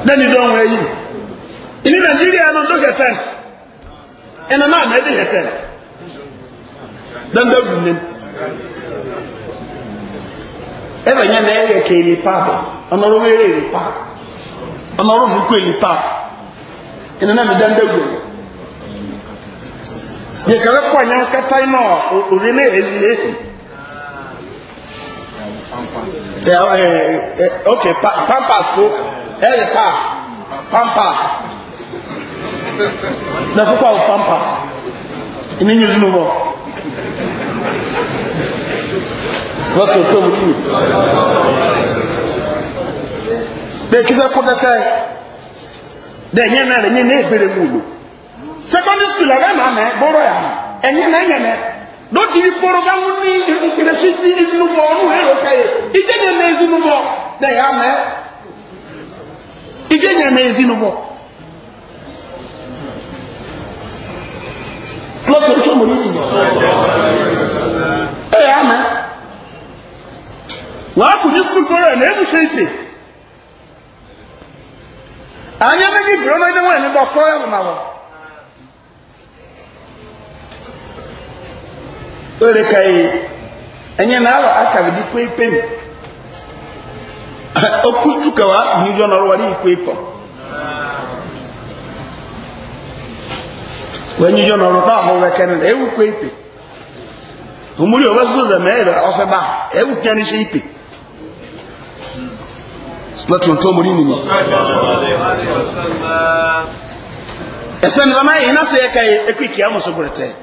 Dẹ́ni dán wọ ẹyí. Ìní Nàìjíríà náà ló yẹtẹ. Ẹnà náà náà ẹdí yẹtẹ. Dandan wù ní. Ẹbẹ̀ yẹn náà ẹyẹ kẹ èlì paapì. Ọmọ ọrọ̀ wẹ́rẹ́ èlì paapì. Ọmọ ọrọ̀ mùkú èlì paapì. Ẹnà náà mi dandan ok pampas ko ẹ̀rì pa pampas na fúkọ́ àwọn pampas ní yíò sínú mọ́ lọ́tí ò tó mú kí pé kí sẹ́kọ́ tẹ́tẹ́ dẹ̀ yẹn náà rẹ̀ yẹn ní ìbéèrè mú lò secondary school ẹ̀rẹ́ màá mẹ́ bọ́rọ̀ yà ẹ̀yẹn náà yẹn mẹ́ dɔnki ibi kpɔrɔ ka ŋun ni ìrẹsì ti ìdunu bɔ ɔnu yɛ lɔ ka yɛ ìdze nyɛ na ìdunu bɔ dɛ na ìdunu bɔ wàá kò ní sukuu kpɔrɔ yɛ sè ite anyamɛ ní ìbúrɔ náà ɛdí wọn ɛni bɔ kọ́ ẹ̀ ore ka yi enye na awa aka bi ko ipem okustu ka wa million or wari ko ipo wa million or ba ho weken e wu ko ipe umuri o basu da mere o se ba e wu kan se ipe lati to muri ni ni esen ba mai ina se ka e kwiki amusukurete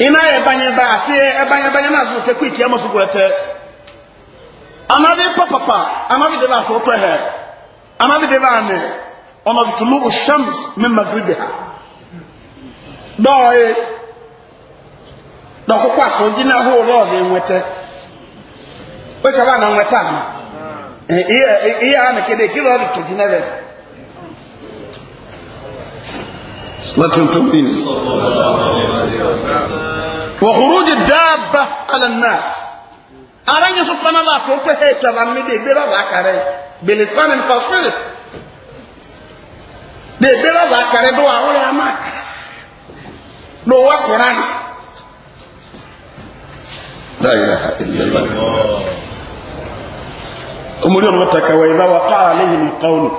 ina yɛ banye ba ase ɛbanye banye na so kɛkɔ ikia ma so kɔɛtɛ anabi papapa anabi de ba atɔtɔ hɛ anabi de ba anɛ ɔnabi tulu oshams mi magribi ha dɔɔye dɔkɔkɔ akɔgye na ho lɔɔre nwɛtɛ wɛkɛ ba na nwɛtɛ ama iye iye anɛ kɛdɛ kí lɔɔre tó na bɛ. لا تنتمين وخروج الدابة على الناس أرأي سبحان الله فوتو هيتا ومدي بلا ذاكري بلسان الفصل دي بلا ذاكري دو أولي أماك دو وقران لا إله إلا الله أمريون وتك وإذا وقع عليهم القول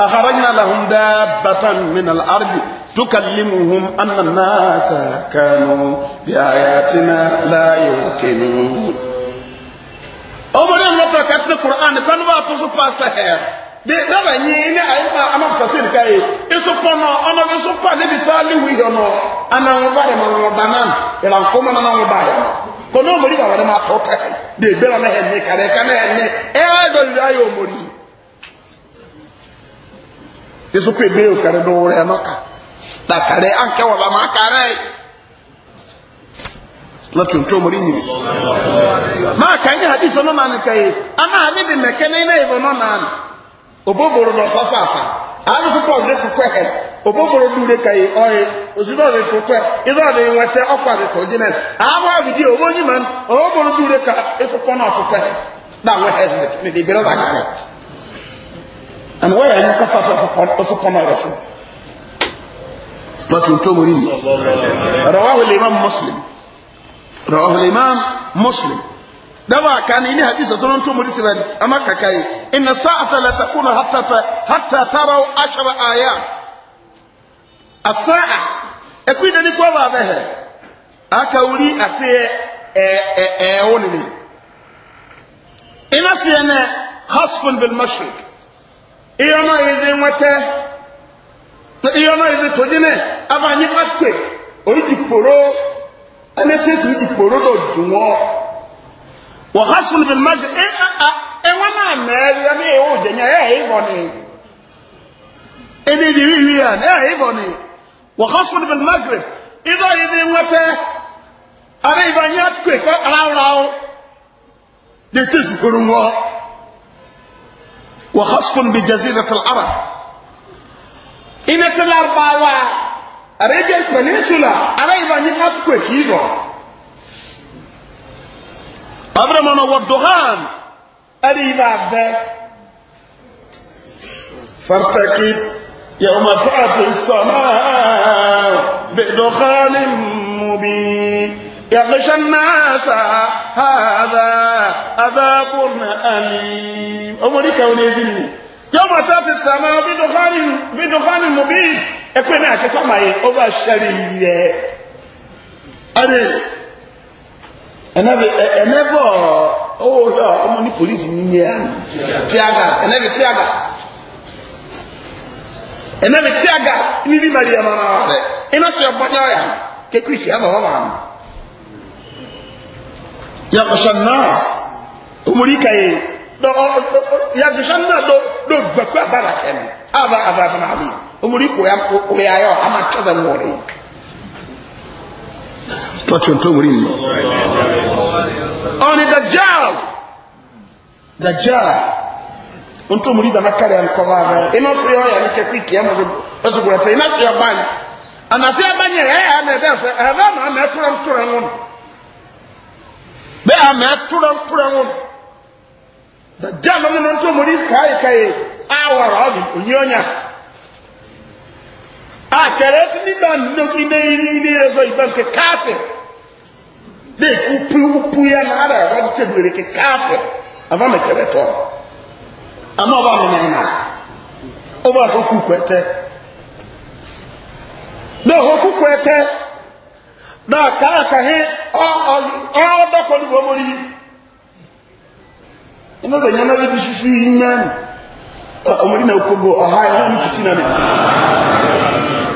أخرجنا لهم دابة من الأرض تكلمهم أن الناس كانوا بآياتنا لا يوقنون أمر أن نترك أتنى القرآن فنوى تصفى تهير de ni ma tafsir isu pono ono pa ni wi ana ba ma banan ko ma na won ba ya ko no mori ba wa ma to ta de be na he ni kare ka na he ni e a ya yo mori isu pe be o kare do re ka dakare anke wa ba makare na tuntu muri ni ma kan ni hadisi no man kai ana ni de mekene na ibo no na oboboro no fasasa anu so pon de to kwehe oboboro du de kai oye ozino de to kwe ido de nwete okwa de to jine awa vidi obo ni man oboboro du de ka eso pon na to kwehe na we he ni de bero ba kare and where you pon from from from from باتو تومرين رواه الإمام مسلم رواه الإمام مسلم دوا كان إني حديث سنن تومرين سبحانه أما كاكاي إن الساعة لا تكون حتى حتى تروا عشر آيات الساعة أكيد أني كوا بها أكولي أسي أولي إن أسي أنا خصف بالمشرق إيه ما إذن وته iyo na ibi to jine abanyi akwe oyi diporo ene tetu diporo do juwo wa hasul bil majd e a e wana meri ya e ni o jenya e e boni e de di wi ya e e boni wa hasul bil maghrib ido ibi nwete ara ibanya akwe ko ara rawo de tetu koruwo wa hasfun bi jaziratil arab inete larubawa arabian peninsula araiba ni earthquake hizo abramana wadohan ariba be فارتكب يوم تعطي السماء بدخان مبين يغشى الناس هذا عذاب أليم أمريكا ونزلني yọmọ tẹ́tí sàmà bídùkánì mùbí ẹ̀pẹ́ náà kí sàmà yìí ó bá ṣẹlẹ̀ yẹ. ẹni ẹnẹ́bọ̀ owó yọ ọmọ ní polisi ní ní ẹ̀ tíagas ẹnẹ́bi tíagas ẹnẹ́bi tíagas ní bí mẹ́rin ẹ̀ máa rẹ̀ iná sọ ẹ̀ bọ́nyá ọ̀yà kékeré ìṣẹ́ ẹ̀ bọ̀ wọ́n máa. yàtọ̀ sọ nọ́ọ̀sì ọmọ orí kàyé yagishan na do do gbaku abara kɛnɛ aba aba abana ali ama tɔbɛ wɔri tɔtun tomori ni ɔni dajal dajal ntomori dana kari alikɔba abɛ ina se yɔ yanni kɛkui kiya ma ɛsogora pɛ ina dajjal nọ nọ ntọ mori kaị kaị awara ọdụ onye ọnya a kere ti nígbà nínú ilé ilé ẹzọ ibe nke káfẹ lẹkú púpú ya na ara ẹwà tó tẹbi èrè ke káfẹ abamẹkẹrẹ tọ ọba ọba na ọ ọ ina da yana da bisusu imani ọmọdé náà kó bó ọha ẹ̀họ́ ní fìtínà ní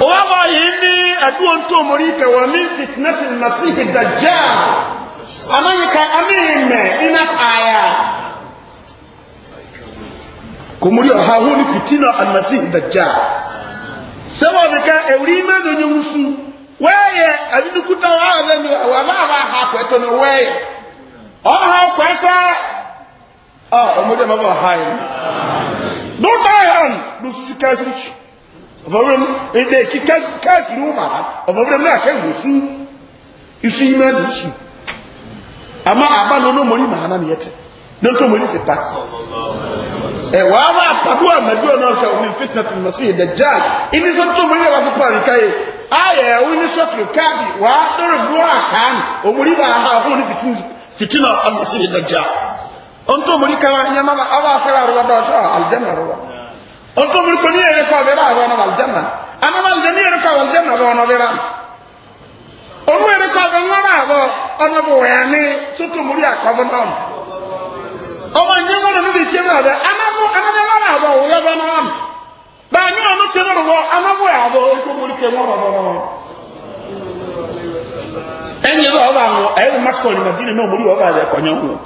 ọwọ́ bá yìí ní ẹ̀dùn ohun tó mọ̀rí kẹwọ́ ní fìtínàtì nàṣíhì dàjá amáyíká amíhìnmẹ̀ iná àyà kò mọ̀rí ọha ẹ̀họ́ ní fìtínà nàṣíhì dàjá sẹ́wọ́n ti ká ẹ̀wùrí mẹ́jọ ní wúsù wẹ́ẹ̀yẹ àdínkútà wà á lẹ́nu àwọn àbá àbá ní wẹ́ẹ̀yẹ ọ̀hà pẹ̀tọ́ a ah, ọmọdé ọmọ bá ha yẹn ló dáa yẹn ló sisi káfírí kì ọ̀fọ̀wérẹ́ mu ẹ̀dẹ̀ kí káfírí wò bàá ọ̀fọ̀wérẹ́ mu náà kẹ́ wò fún isu yìí náà ló sùn àmọ́ àbálò ló mọ̀ ní màá náà nìyẹn tẹ̀ ló ń tó mọ̀ ní sí pa ẹ̀ wàá wá àpàdé àmàdé ọ̀nà ọ̀kẹ́ òní fitna tó mọ̀ sí ẹ̀dẹ̀ jáà ìní sọ ní onto muri kawa nyama ba awa sera ruwa do sha aljanna ruwa onto muri ko ni ere ko be ra ruwa na aljanna ana ma aljanna ere ko aljanna ruwa na be ra onu ere ko be ngara go ona bo ya ni sutu muri akwa bo na o ma nyi mo no bi se na be ana mo ana be ngara go wo ya ba na am ba ni ono te no go ana bo ya go onto muri ke ngara go na enyi ba o ba ngo e ma ko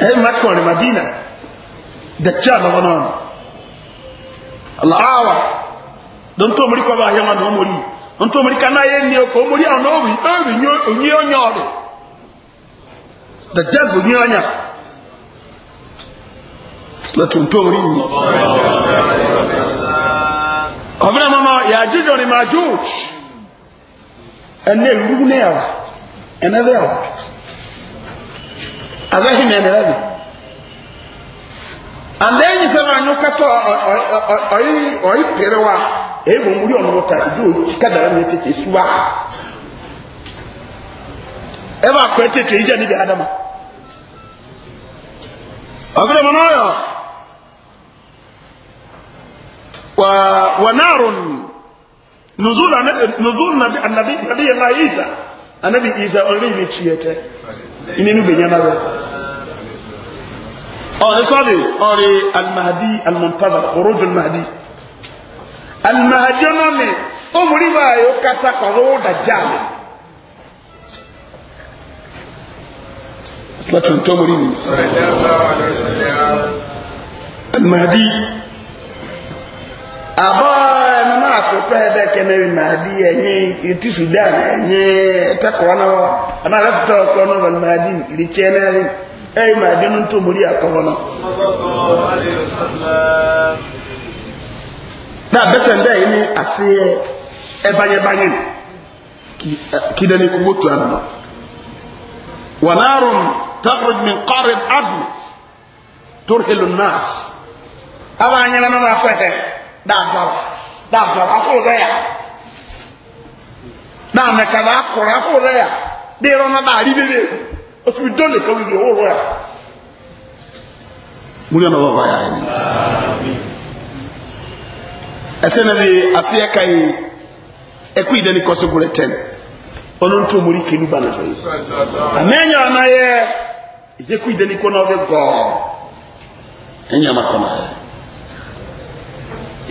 ɛyɛ eh, makɔ ne madina dakya na wɔn ano alaawa don tó omori kɔ ba ahɛ ma na omori don tó omori kana yɛ nie ko omori awo na owi owi nyo onyi onyo ɔdi dakya ko onyi onya na tó tó omori yi ɔbɛrɛ mama yadu dɔri ma ju ɛnɛ ewu ne yɛ wa ɛnɛ bɛ yɛ wa. azahi nenerabi andenyi sɛba anyoka tɔ ɔyi ɔyi pere wa ebo muri ɔno wɔta ebi oyi kadara mi tete suwa ɛba e akɔrɔ tete yi gya ni bi adama ɔbɛrɛ mu wa wa naaron nuzul nuzul nabi nabi nabi yɛ isa anabi isa ɔlɛ chiete bi tiɛ tɛ ọ̀rẹ́ sọ́dẹ̀ ọ̀rẹ́ almahadi almuntaba kòrójò almahadi almahadi ọ̀nà mi ó mú rí báyìí ó kata kọ̀rọ̀ ó dàjà mi. láti tó mú rí mi. almahadi àbọ̀ ẹ̀mí náà kò tó ẹ bẹ́ẹ̀ kẹ́mẹ́ rí mahadi ẹ̀yìn etí sudan ẹ̀yìn ẹ̀tẹ́kọ̀ọ́ náà wọn àná àlẹ́ fún tọ́lọ̀ kọ́ náà almahadi ìrìkyẹ́ náà rí ẹ̀yìn máa dínú tó mórí àkọwọ́ náà náà bẹ́sẹ̀ ndẹ́ yìí ní àti ẹbányẹbányẹ kí dẹni kó gbótú àná wà náàrùn tẹ́kùrù mi kọ́rin adùn tó hìlù náàsì àwọn anyẹ́rẹ́ náà náà fẹ́tẹ̀ dáàbàrà dáàbàrà afúrú dẹ́yà náà mẹ́kàdá akọ̀rọ̀ afúrú dẹ́yà dèrò náà dáàrí bíbélì ó sì fi dọ́lẹ̀ kan oh, níbi owó rọ́yà múlẹ̀ náà wọ́n báyà ẹni ẹsẹ̀ náà ni aseɛ ka yi ɛkú yi dɛ ni kɔsi gulɛ tɛn ɔno ntɔ mori kenu ba n'afɔ yi amɛnya ɔna yɛ ɛkú yi dɛ ni kɔnɔ ɔbɛ gɔɔ ɛnya ma kɔnɔ yɛ.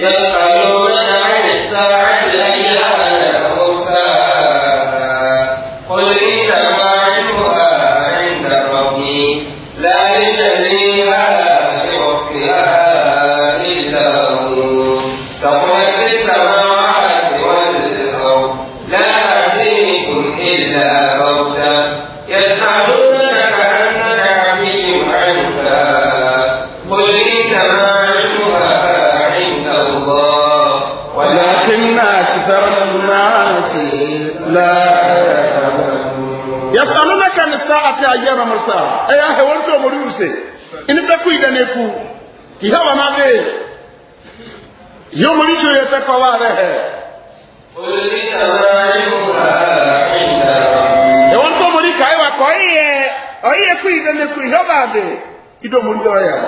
يسألون عن الساعة أيان مرساها الرسيل لا يسألونك عن الساعة أيام مرساها أي أخي وانت ومريوسي إن بكو إذا نكو يهوى ما بيه يوم ريشو يتكوى عليه قل لي تمامها عند ربي وانت ومريك أيوة كوية أي أكو إذا نكو يهوى ما بيه إدو مريدو أيام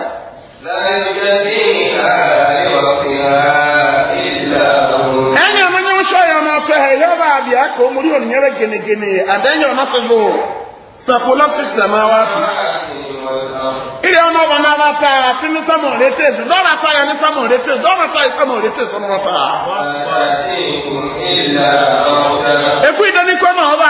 لا يجديها لوقتها إلا هو ọtẹhẹ yọba àbí akọ omori ònìyẹrẹ gẹnẹgẹnẹ àdéhùn ọmọ fífò fẹkùlọ fífò máa wá fi. ilé ọmọ ọba náà bá ta àti ní sọmọ rétè sí dọ́là ta yẹn ní sọmọ rétè dọ́là ta yẹn sọmọ rétè sọmọ wọn ta. èkú ìdánikọ́ náà ọba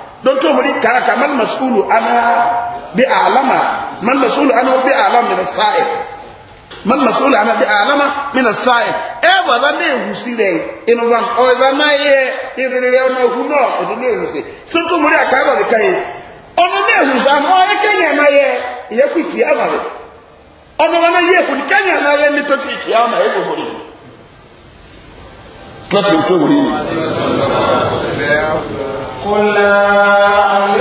don to muri karaka man mas'ulu ana bi alama man mas'ulu ana bi alama min as-sa'il man mas'ulu ana bi alama min as-sa'il e wa da ne husire inu ban o da ma ye irire o na hu no o do ne husi so to muri akaba de kai ono ne husa mo e kenya ma ye ye ku ki ama be ono na ye ku kenya ma ye ni to ki ki ama e ko hori Clap your two hands. قل لا أملك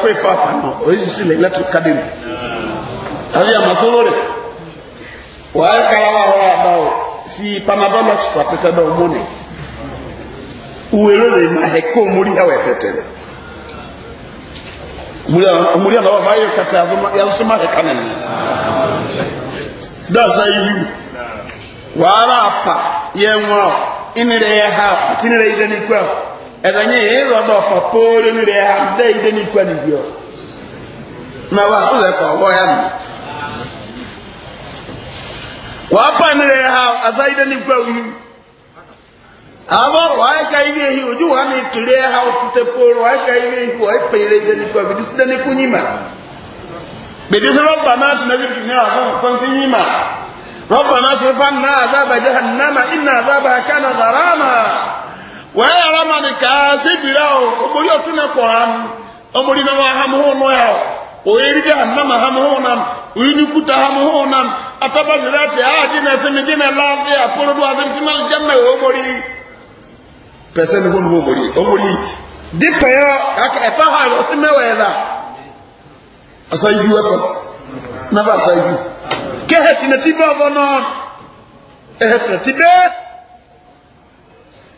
kó ipa pàmò oríṣiríṣi lè lẹ́tọ̀ kádìrì àbí àmàsówó rẹ̀ wàá kára wà si o panadol extra tẹ́tẹ́ náà mú ni wúwèrè rẹ̀ máa hẹ̀ kó mórí ẹ̀wẹ̀ tẹ̀tẹ̀ rẹ̀ mórí àwọn ọba ha ɛdɛnyɛ ɛyɛrɔ dɔ kɔ poore nu rɛ adɛ yi dɛ nikwa ni bi o na wa o lɛ kɔ ɔwɔ ya mi wa pa nu rɛ ha asa yi dɛ nikwa wi abɔrɔ wa ayɛ ka yi bi ehi ojú wa mi tuli ya ha otute poore wa ayɛ ka yi bi ehi wa ayɛ pɛyɛrɛ dɛ nikwa bi disi dɛ niku nyi ma gbèdé sɛ rɔba náà sùn ɛbi tuni a fɔn fɔn nyi ma rɔba náà sùn fɔn náà azaba jahannama ina azaba kana darama. wee ghara mmadụ ka si biri ahụ omori otu na-ekpọrọ omori mema ha nụ ya oyerige ma ha na m oyinukwuta ha na m atabaziri ati ah, na-esi mi na-ele adị apụrụdụ adị m tima na omori pẹsẹ ni wọn omori omori ha yọ sí mẹwàá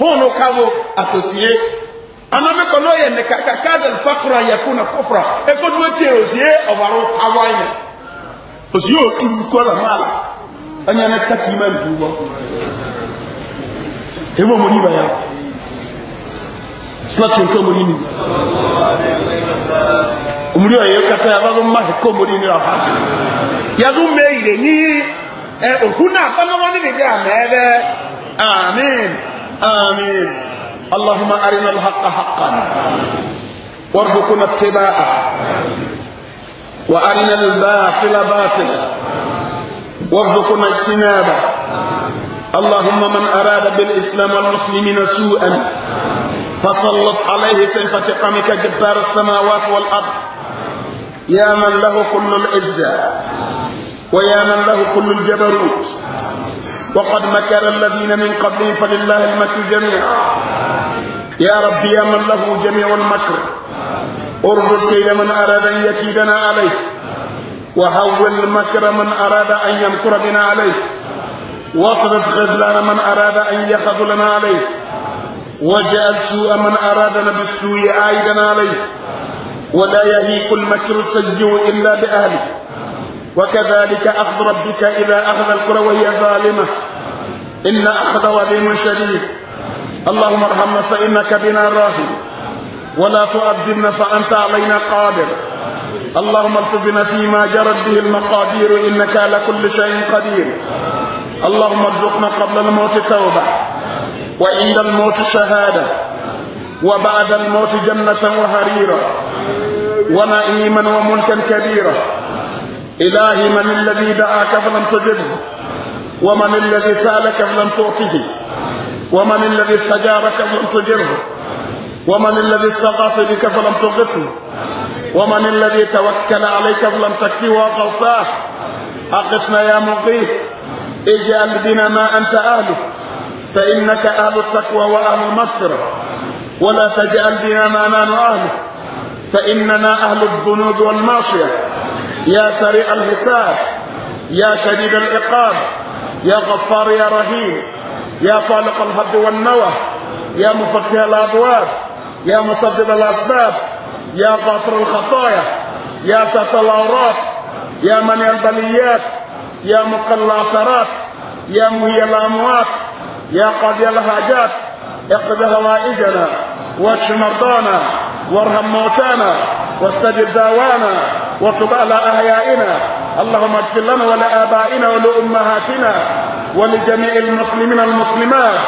hunu kabo atosie anami kono ye ne kaka kada fakra yakuna kufra e ko duwe te osie obaro awaye osie o tu ko la mala anya na takima nduwa ewo mo ni ba ya slatu ko mo ni umuri oyo kata yababo mahe ko mo ni ra yazumeire ni eh okuna kana wani bebe amebe amen آمين اللهم أرنا الحق حقا وارزقنا اتباعه وأرنا الباطل باطلا وارزقنا اجتنابه اللهم من أراد بالإسلام والمسلمين سوءا فسلط عليه سيف تقامك جبار السماوات والأرض يا من له كل العزة ويا من له كل الجبروت وقد مكر الذين من قبلهم فلله المكر جميعا يا رب يا من له جميع المكر ارد كيد من أراد أن يكيدنا عليه وهول مكر من أراد أن يمكر بنا عليه واصرف خذلان من أراد أن يخذلنا عليه وجعل سوء من أرادنا بالسوء عائدا عليه ولا يهيق المكر السيء إلا بأهله وكذلك أخذ ربك إذا أخذ الكرة وهي ظالمة إن أخذ وليم شديد اللهم ارحمنا فإنك بنا راهب ولا تؤذبنا فأنت علينا قادر اللهم ارزقنا فيما جرت به المقادير إنك على كل شيء قدير اللهم ارزقنا قبل الموت توبة وعند الموت شهادة وبعد الموت جنة وهريرة ونعيما وملكا كبيرا إلهي من الذي دعاك فلم تجبه ومن الذي سألك فلم تعطه ومن الذي استجارك فلم تجره ومن الذي استغاث بك فلم تغفه ومن الذي توكل عليك فلم تكفي وغفاه أقفنا يا مغيث اجعل بنا ما أنت أهله فإنك أهل التقوى وأهل المغفرة ولا تجعل بنا ما نحن أهله فإننا أهل الذنوب والمعصية يا سريع الحساب يا شديد العقاب يا غفار يا رحيم يا فالق الحب والنوى يا مفتح الابواب يا مسبب الاسباب يا غافر الخطايا يا ساتر الاوراق يا من البليات يا مقل الاثرات يا مهي الاموات يا قاضي الحاجات اقضي هوائجنا واشف مرضانا وارحم موتانا واستجب داوانا وتب على أحيائنا اللهم اغفر لنا ولآبائنا ولأمهاتنا ولجميع المسلمين المسلمات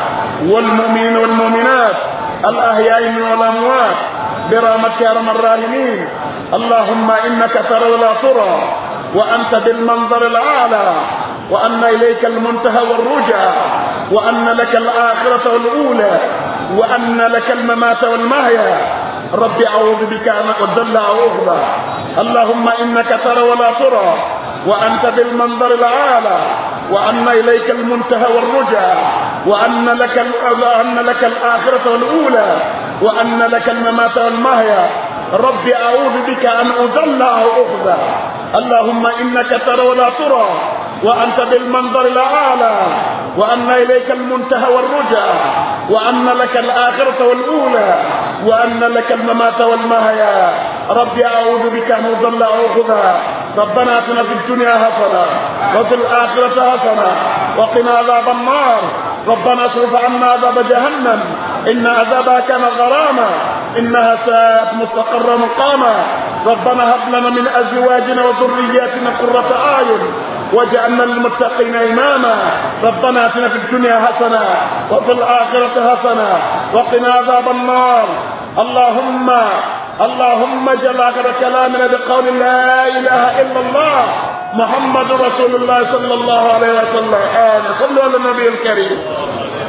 والمؤمنين والمؤمنات الأحياء والأموات برامتك يا رب الراحمين اللهم إنك ترى ولا ترى وأنت بالمنظر الأعلى وأن إليك المنتهى والرجع وأن لك الآخرة والأولى وأن لك الممات والمهيا رب أعوذ بك أن أضل أو أهدى اللهم إنك ترى ولا ترى وأنت بالمنظر الأعلى وأن إليك المنتهى والرجى وأن لك, وأن لك الآخرة والأولى وأن لك الممات والمهيا رب أعوذ بك أن أذل أو أخذى اللهم إنك ترى ولا ترى وأنت بالمنظر الأعلى وأن إليك المنتهى والرجع وأن لك الآخرة والأولى وأن لك الممات والمهيا ربي أعوذ بك أن أضل أخذها ربنا أتنا في الدنيا حسنة وفي الآخرة حسنة وقنا عذاب النار ربنا اصرف عنا عذاب جهنم إن عذابها كان غراما إنها ساءت مستقرا مقاما ربنا هب لنا من أزواجنا وذرياتنا قرة أعين واجعلنا للمتقين إماما ربنا اتنا في الدنيا حسنة وفي الآخرة حسنة وقنا عذاب النار اللهم اللهم جل آخر كلامنا بقول لا إله إلا الله محمد رسول الله صلى الله عليه وسلم آمين صلوا على النبي الكريم